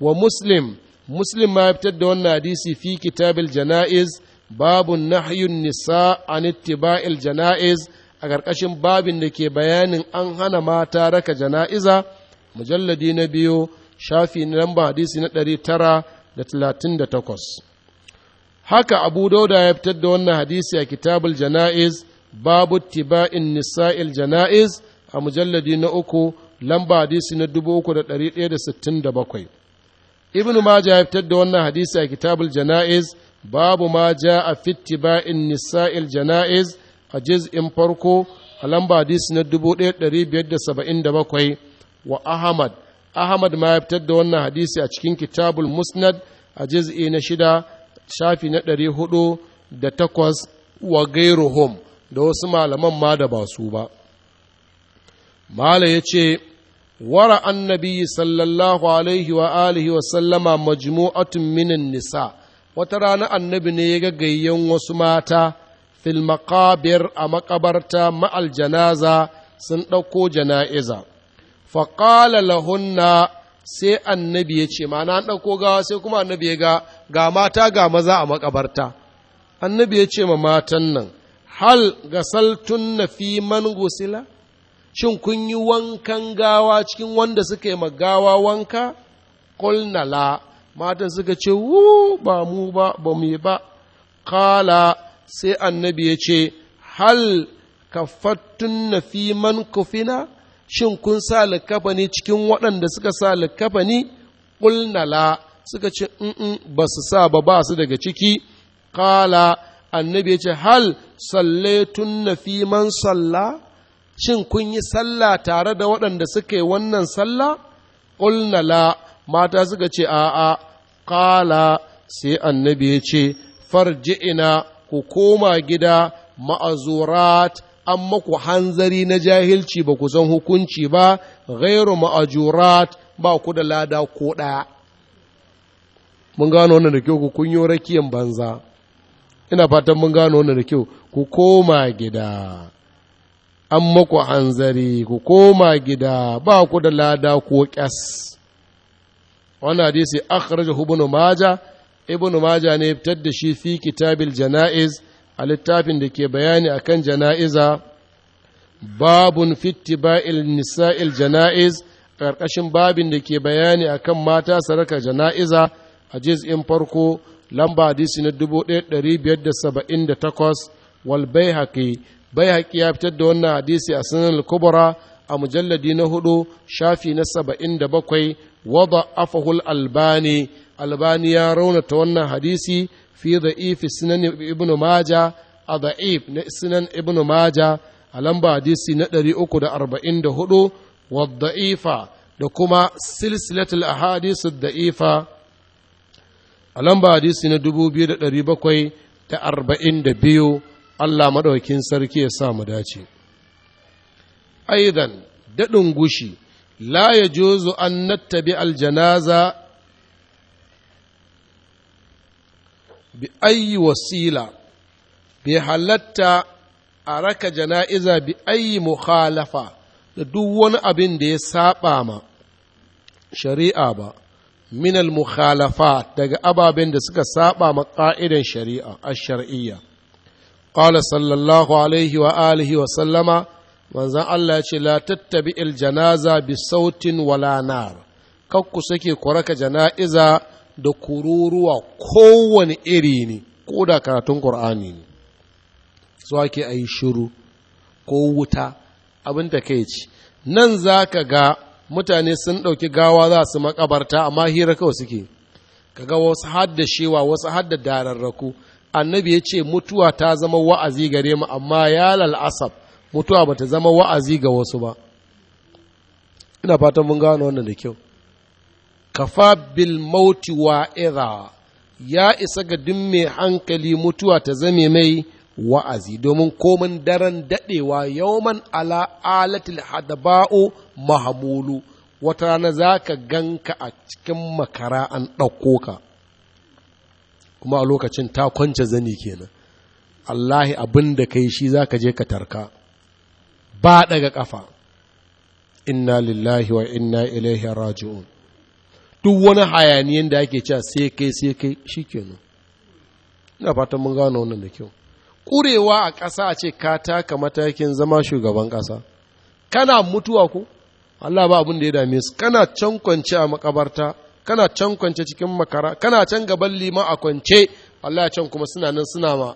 wa muslim muslim ma ya fitar da wannan hadisi fi kitabil jana'iz babu nahyun nisa an jana'iz a ƙarƙashin babin da ke bayanin an hana mata raka jana'iza mujalladi na biyu shafi na lamba hadisi na 938 tara da talatin da takwas haka abu dauda ya fitar da wannan hadisi a kitabul jana'iz babu tiba'in nisa'il jana'iz a mujalladi na uku lamba hadisi na dubu uku da da sittin da bakwai ibnu maja ya fitar da wannan hadisi a kitabul jana'iz babu ma ja a fittiba'in nisa'il jana'iz a jiz'in farko a lamba hadisi na 1577 wa ahmad ahmad ma ya fitar da wannan hadisi a cikin kitabul musnad a juz'i na shida shafi na ɗari hudu da takwas wa gairuhum da wasu malaman ma da ba su ba mala ya ce wara annabi sallallahu alaihi wa alihi wa sallama majmu'atun minin nisa wata rana annabi ne ya gayyan wasu mata fil maqabir a makabarta ma'al janaza sun ɗauko jana'iza faƙala lahunna sai annabi ya ce mana an ɗauko gawa sai kuma annabi ya ga ga mata ga maza a makabarta annabi ya ce ma matan nan hal saltun na fi man gusila shin kun yi wankan gawa cikin wanda suka yi gawa wanka kulnala matan suka ce wu ba mu ba ba mu ba kala sai annabi ya ce hal fattun na fi man kufina shin kun sa ne cikin waɗanda suka sa ne? ƙulnala suka ce in ba su sa ba ba su daga ciki kala annabi ya ce hal tun na fi man salla shin kun yi sallah tare da waɗanda suka yi wannan sallah ƙulnala mata suka ce a'a kala sai annabi ya ce ina ku koma gida ma'azurat an maku hanzari na jahilci ba ku san hukunci ba gairu ma'ajurat ba ku da lada ko ɗaya mun gano wannan da kyau ku kunyo yi rakiyan banza ina fatan mun gano wannan da kyau ku koma gida an maku hanzari ku koma gida ba ku da lada ko ƙyas wannan hadisi akhrajahu ibn maja, ibn maja ne fitar da shi fi kitabil janaiz a littafin da ke bayani a kan jana'iza babun fittiba'il nisa'il jana'iz ƙarƙashin babin da ke bayani a kan mata saraka jana'iza a jiz'in farko lamba hadisi na 1578 wal bai haƙi bai haƙi ya fitar da wannan hadisi a sanar kubura a mujalladi na hudu shafi na saba'in da bakwai afahul albani albani ya raunata wannan hadisi fi da'if sunan ibn maja a da'if na sunan ibn maja a lamba hadisi na 344 wa da'ifa da kuma silsilatul ahadisu da'ifa a lamba hadisi na 2700 da arba'in da biyu Allah maɗaukin sarki ya sa mu dace. Aidan daɗin gushi, la ya jozo an nattabi aljanaza bi ayi wasila bai halatta a raka jana'iza bi ayi mukhalafa da duk wani abin da ya saɓa ma shari'a ba minal mukhalafa daga ababen da suka saɓa ma ƙa'idan shari'a a shar'iyya qala sallallahu alaihi wa alihi wa sallama manzan Allah ya ce la tattabi janaza bi sautin wala nar kakku suke ku raka jana'iza da kururuwa kowane iri ne ko da karatun ƙur'ani ne su ake a yi shiru ko wuta abin da kai ci nan za ka ga mutane sun ɗauki gawa za su makabarta amma hira kawai suke ga wasu hadda shewa wasu hadda dararraku annabi ya ce mutuwa ta zama wa'azi gare mu amma ya lal'asab mutuwa ba ta zama wa'azi ga wasu ba ina fatan mun gano wannan da kyau kafa bil mauti ya isa ga duk mai hankali mutuwa ta zame mai wa'azi domin komin daren daɗewa yawman ala alatil hadaba'u mahamulu wata rana za ka ganka a cikin makara an ɗauko ka kuma a lokacin ta kwance zani kenan Allahi abin da ka yi shi za ka je ka tarka ba daga ƙafa inna lillahi wa inna ilaihi raji'un duk wani hayaniyan da ake cewa sai kai sai kai shi nan ina fatan mun gano wannan da kyau ƙurewa a ƙasa a ce ka taka matakin zama shugaban ƙasa kana mutuwa ko Allah ba abin da ya dame su kana can kwance a makabarta kana can kwance cikin makara kana can gaban lima a kwance Allah ya can kuma suna nan suna ma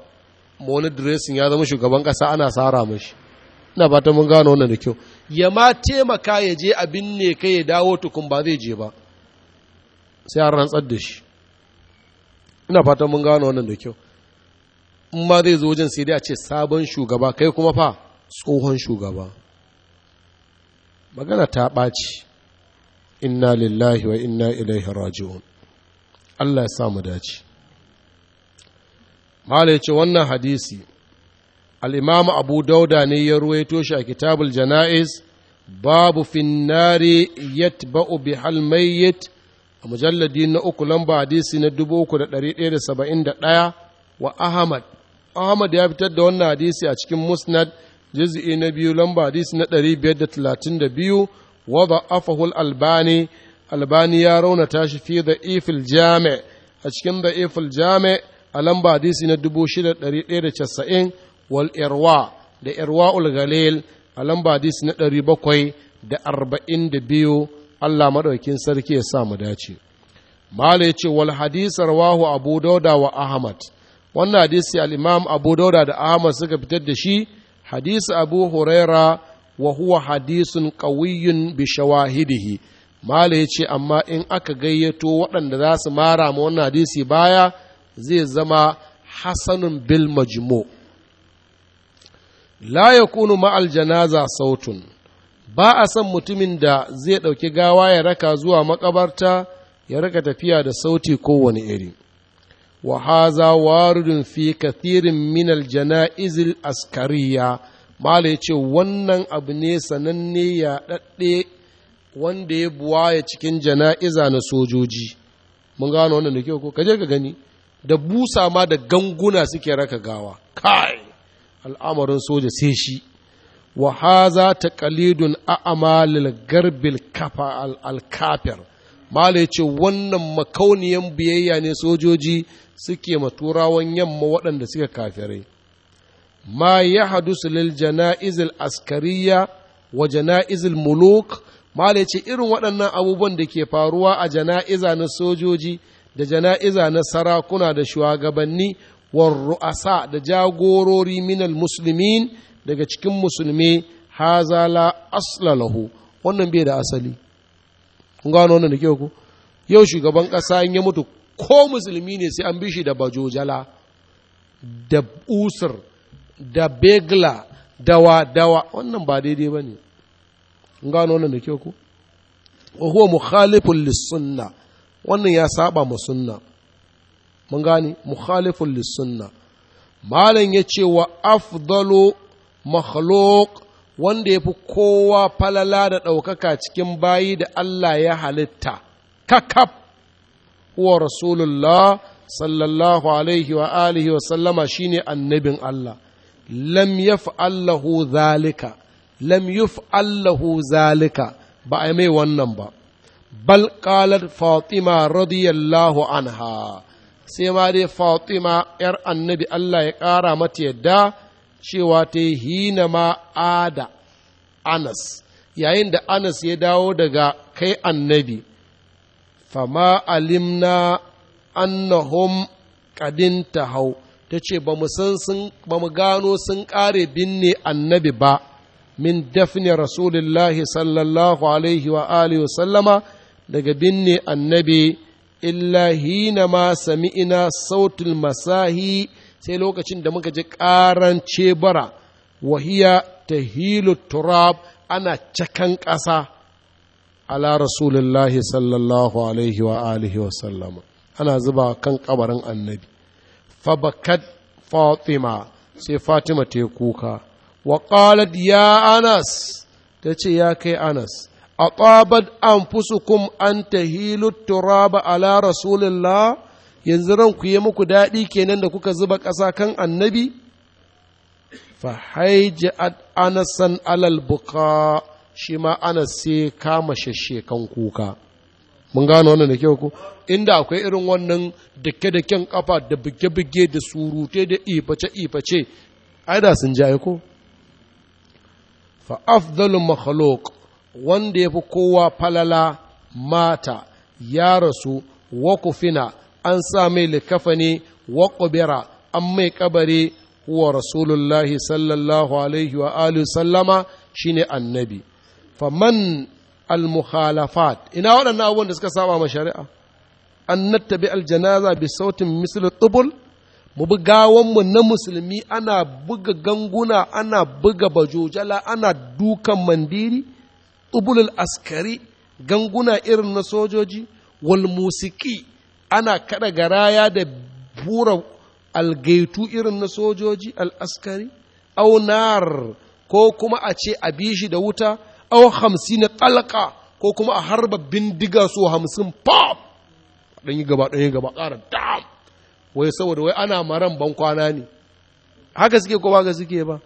wani dressing ya zama shugaban ƙasa ana sara mashi ina fatan mun gano wannan da kyau ya ma taimaka ya je abin ne kai ya dawo tukun ba zai je ba sai an rantsar da shi ina fatan mun gano wannan da kyau in ba zai zo wajen sai dai a ce sabon shugaba kai kuma fa tsohon shugaba magana ta ɓaci inna lillahi wa inna ilaihi raji'un Allah ya samu dace mala ce wannan hadisi al'imam abu dauda ne ya ruwaito shi a kitabul jana'is babu finnari ba'u bihal yet. a mujalladi na uku lamba hadisi na 3171 wa Ahmad Ahmad ya fitar da wannan hadisi a cikin Musnad juz'i na biyu lamba hadisi na 532 wa da'afahu al-Albani Albani ya rauna tashi fi da ifil jami a cikin da ifil jami a lamba hadisi na 6190 wal irwa da irwa galil a lamba na Allah maɗaukin sarki ya sa mu dace mala ya ce wal hadisar wahu abu dauda wa ahmad wannan hadisi al-imam abu dauda da ahmad suka fitar da shi hadisi abu huraira wa huwa hadisun qawiyyun bi shawahidihi mala ya ce amma in aka gayyato waɗanda za su mara ma wannan hadisi baya zai zama hasanun bil majmu la yakunu ma'al janaza sautun ba a son mutumin da zai ɗauki gawa ya raka zuwa makabarta ya raka tafiya da sauti kowane iri wa haza waridun fi kathirin minal jana'izil askariya mala ya ce wannan abu ne sananne ya ɗaɗɗe wanda ya buwaye cikin jana'iza na sojoji mun gano wannan da kyau ko kaje ka gani da busa ma da ganguna suke raka gawa kai al'amarin soja sai shi wa haza taqalidun a'malil garbil kafa al-kafir malai ce wannan makauniyan biyayya ne sojoji suke maturawan yamma waɗanda suka kafirai ma ya hadusu lil jana'izil askariya wa jana'izil muluk malai ce irin waɗannan abubuwan da ke faruwa a jana'iza na sojoji da jana'iza na sarakuna da shugabanni war ru'asa da jagorori minal musulmin. daga cikin musulmi haza la asla lahu wannan bai da asali kun gano wannan da ke ku yau shugaban ƙasa in ya mutu ko musulmi ne sai an bi shi da bajojala da usur da begla dawa dawa wannan ba daidai ba ne kun gano wannan da ke ku wa huwa mukhalifun lissunna wannan ya saba ma sunna mun gane mukhalifun lissunna malam ya ce wa afdalu makhluk wanda ya fi kowa falala da ɗaukaka cikin bayi da Allah ya halitta, kakaf, wa Rasulullah sallallahu alaihi wa alihi wa sallama shi ne annabin Allah, lam yaf'allahu zalika, lam yaf'allahu zalika ba a mai wannan ba. Bal ƙalar Fatima radiyallahu anha, sai ma dai Fatima ‘yar annabi Allah ya ƙara mata yadda’ cewa ta yi hina ma ada anas yayin da anas ya dawo daga kai annabi fama alimna annahum kadin ta hau ta ce ba mu gano sun ƙare binne annabi ba min dafne rasulillahi sallallahu alaihi wa alihi sallama daga binne annabi illa hina ma sami'ina sautul masahi sai lokacin da muka je ƙaran cebara wahiya ta turab ana cakan ƙasa ala rasulullahi sallallahu alaihi wa alihi wa sallama ana zuba kan kabarin annabi fabakat fatima sai fatima ta kuka wa qalat ya anas ta ce ya kai anas a an fusukun an tahilu turaba ala rasulillah yanzu ran ku yi muku daɗi kenan da kuka zuba ƙasa kan annabi fa haiji anasan alal buka shi ma anas sai kama kan kuka mun gano wannan da kyau ko inda akwai irin wannan dake-daken ƙafa da buge-buge da surute da iface-iface ai da sun jaye ko. fa afdalu makhluk wanda ya fi kowa falala mata ya rasu Wakufina. an sa mai likafani wa qubira an mai kabari huwa rasulullahi sallallahu alaihi wa alihi sallama shine annabi faman al-mukhalafat ina waɗannan abubuwan da suka saba ma shari'a an nattabi aljanaza bi sautin misl tubul mu bi mu na musulmi ana buga ganguna ana buga bajojala ana dukan mandiri tubulul askari ganguna irin na sojoji wal musiki ana kada garaya da bura algaitu irin na sojoji al'askari aunar ko kuma a ce a shi da wuta au hamsi na talaka ko kuma a harba bindiga so hamsin pop ɗan yi gaba ɗan yi gaba ƙara dam wai saboda wai ana maran ban kwana ne haka suke ko ba suke ba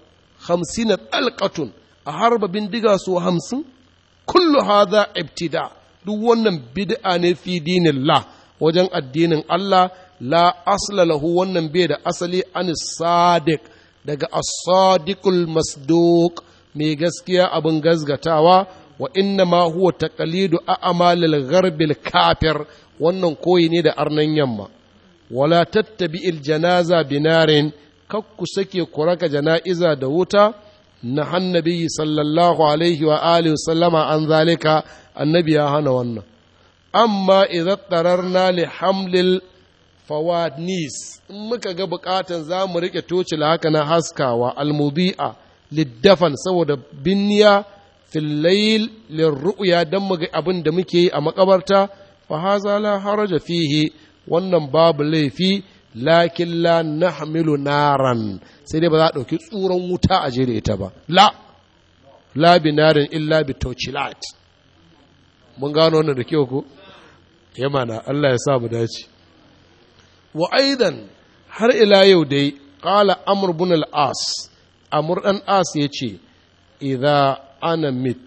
hamsi na talqatun a harba bindiga so hamsin kullu hadha ibtida duk wannan bid'a ne fi Allah. wajen addinin Allah la asla lahu wannan bai da asali an sadiq daga as-sadiqul masduq mai gaskiya abin gazgatawa wa inna ma huwa taqlidu a'malil gharbil kafir wannan koyi ne da arnan yamma wala tattabi'il janaza binarin kakku sake kuraka jana'iza da wuta na hannabi sallallahu alaihi wa alihi sallama an zalika annabi ya hana wannan amma idan tararna li hamlil fawadnis in muka ga bukatan za mu riƙe tocil haka na haskawa almubi'a liddafan saboda binniya fillayil lirru'ya don mu ga abin da muke yi a makabarta fa haza la haraja fihi wannan babu laifi lakin la nahmilu naran sai dai ba za a ɗauki tsuron wuta a jere ita ba la la binarin illa bitocilat mun gano wannan da kyau ko ya mana Allah ya sa mu dace wa aidan har ila yau dai qala amr bin al-as amr dan as yace idza ana mit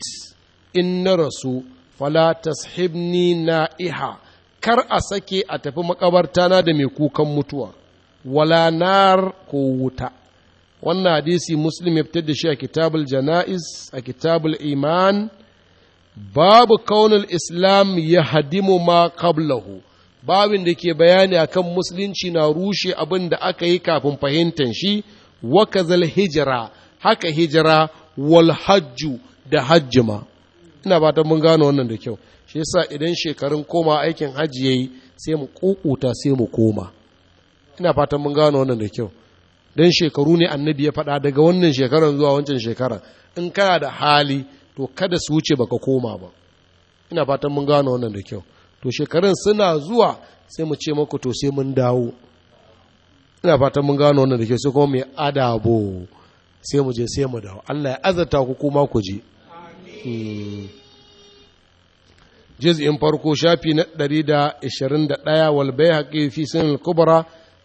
in na rasu fala tashibni na'iha kar a sake a tafi makabarta na da mai kukan mutuwa wala nar ko wuta wannan hadisi muslim ya fitar da shi a kitabul jana'iz a kitabul iman babu kaunul islam ya hadimu ma qablahu babin da ke bayani akan musulunci na rushe abin da aka yi kafin fahimtar shi wa kazal hijira haka hijira wal hajju da hajjima ina ba mun gano wannan da kyau shi yasa idan shekarun koma aikin hajji yayi sai mu kukuta sai mu koma ina fatan mun gano wannan da kyau dan shekaru ne annabi ya faɗa daga wannan shekaran zuwa wancan shekarar. in kana da hali to kada su wuce baka koma ba ina fatan mun gano wannan da kyau to shekarun suna zuwa sai mu ce maku to sai mun dawo ina fatan mun gano wannan da kyau sai kuma mu adabo sai mu je sai mu dawo Allah ya azata ku kuma ku je hmm. juz'in farko shafi na 121 wal bayhaqi fi sunan kubra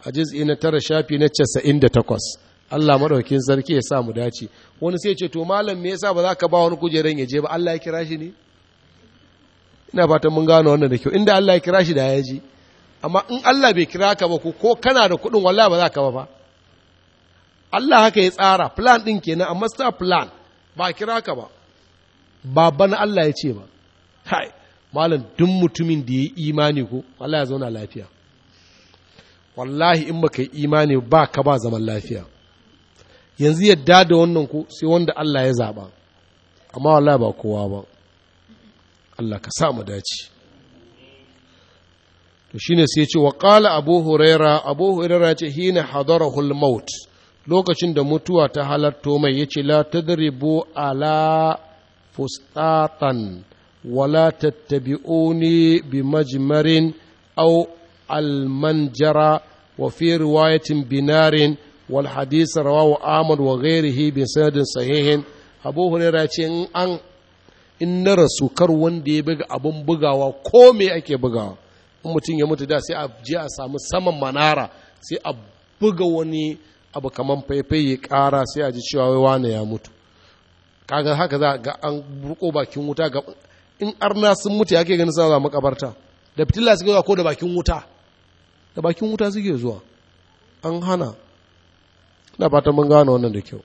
a juz'i na tara shafi na 98 Allah madaukakin sarki ya sa mu dace wani sai ce to malam me yasa ba za ka ba wani kujeran ya je ba Allah ya kira shi ne ina fatan mun gano wannan da kyau inda Allah ya kira shi da ya ji amma in Allah bai kira ka ba ko kana da kuɗin wallahi ba za ka ba ba Allah haka ya tsara plan ɗin kenan amma star plan ba kira ka ba baban Allah ya ce ba hai malam duk mutumin da ya yi imani ko Allah ya zauna lafiya wallahi in baka yi imani ba ka ba zaman lafiya yanzu yadda da wannan ku sai wanda Allah ya zaɓa amma wallahi ba kowa ba Allah ka sa mu dace to shine sai ce wa qala abu huraira abu huraira ce hina hadarahul maut lokacin da mutuwa ta halatto mai yace la tadribu ala fustatan wala tattabi'uni bi majmarin aw almanjara wa fi riwayatin binarin wal rawa wa ahmad wa ghairihi bi sanadin sahihin abu hurairah ce in na rasu kar wanda ya buga abun bugawa ko me ake bugawa in mutum ya mutu da sai a je a sami saman manara sai a buga wani abu kamar faifai ya kara sai a ji cewa wai wane ya mutu kaga haka za ga an ruko bakin wuta in arna sun mutu yake ganin sa za makabarta da fitila suke zuwa ko da bakin wuta da bakin wuta suke zuwa an hana ina fatan mun gano wannan da kyau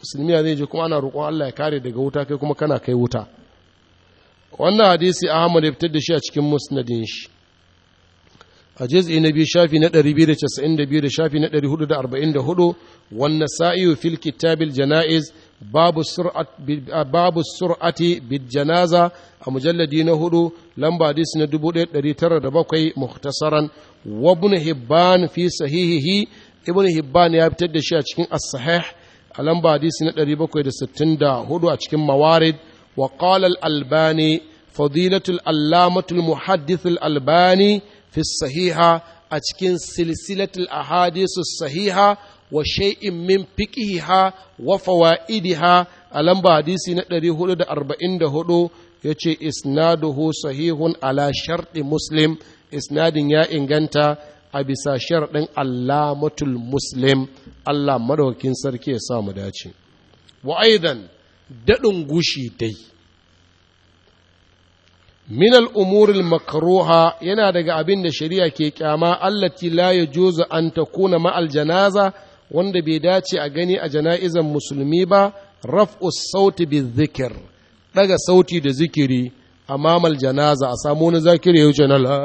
musulmi ya zai je kuma ana roƙon Allah ya kare daga wuta kai kuma kana kai wuta wannan hadisi Ahmad ya fitar da shi a cikin musnadin shi a juz'i na biyu shafi na 292 da shafi na 444 wannan sa'iyu fil kitabil janaiz babu sur'at babu sur'ati bil janaza a mujalladi na hudu lamba hadisi na 1907 mukhtasaran wa ibn hibban fi sahihihi ibn hibban ya fitar da shi a cikin as-sahih a lamba hadisi na 764 a cikin mawarid wa qala al-albani fadilatul allamatul muhaddithul albani fi sahiha a cikin silsilatul ahadisu sahiha wa shay'in min fiqihiha wa fawaidiha a lamba hadisi na 444 yace isnaduhu sahihun ala sharɗi muslim isnadin ya inganta a bisa sharaɗin allamatul muslim allah madaukakin sarki ya sa mu dace wa aidan daɗin gushi dai Minal umuril makaroha yana daga abin da shari'a ke kyama allati la ya joza an ta kuna ma'al janaza wanda bai dace a gani a jana'izan musulmi ba raf'u sauti bi zikir Daga sauti da zikiri amamal janaza a samu wani zakiri ya wuce na la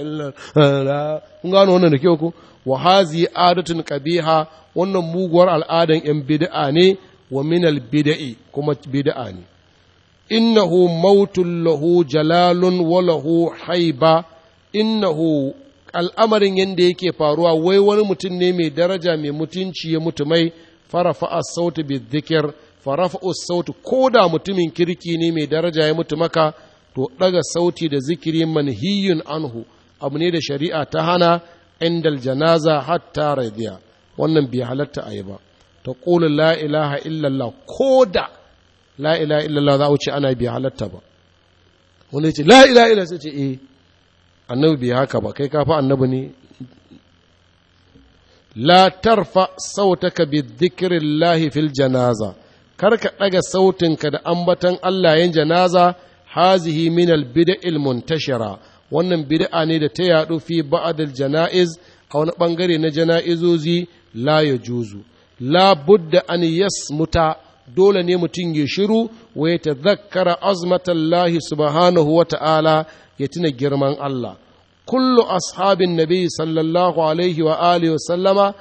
illa kun gano wannan da kyau ku. wa hazi adatun kabiha wannan muguwar al'adan yan bid'a ne wa min al bid'i kuma bid'a ne innahu mautun lahu jalalun wa lahu haiba innahu al'amarin yadda yake faruwa wai wani mutum ne mai daraja mai mutunci ya mutu mai farafa as-sautu bi dhikr farafa'u sautu ko da mutumin kirki ne mai daraja ya mutu maka to daga sauti da zikiri manhiyun anhu abu ne da shari'a ta hana indal janaza hatta radiya wannan bai halatta a yi ba ta ƙulu la ilaha illallah ko da la ilaha illallah za a wuce ana bai halatta ba wani ce la ilaha illallah sai ce eh annabi bai haka ba kai kafa annabi ne la tarfa sautaka bi dhikrillahi fil janaza kar ka ɗaga sautinka da ambaton Allah yin janaza hazihi min albid'il muntashira wannan bid'a ne da ta yaɗu fi ba'd janaiz a wani bangare na janaizozi la yajuzu la budda an yasmuta dole ne mutum ya shiru wa ya tazakkara azmatallahi subhanahu wa ya tuna girman Allah kullu ashabin nabi sallallahu alaihi wa alihi wa sallama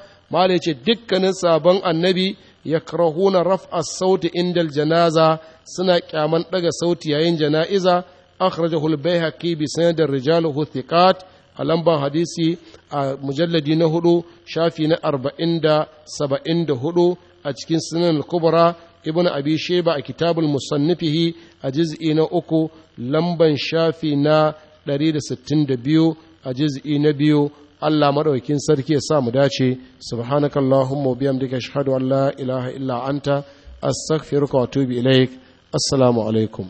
ce dukkanin sabon annabi yakrahuna raf'a sauti inda janaza suna kyaman ɗaga sauti yayin jana'iza akhrajahu al-baihaqi bi sanadin rijaluhu thiqat a lamban hadisi a mujalladi na hudu shafi na arba'in da saba'in da hudu a cikin sunan kubra ibn abi sheba a kitabul musannifihi a juz'i na uku lamban shafi na 162 a juz'i na biyu Allah maɗaukin sarki ya sa mu dace subhanakallahumma bihamdika ashhadu an la ilaha illa anta astaghfiruka wa atubu ilaik assalamu alaikum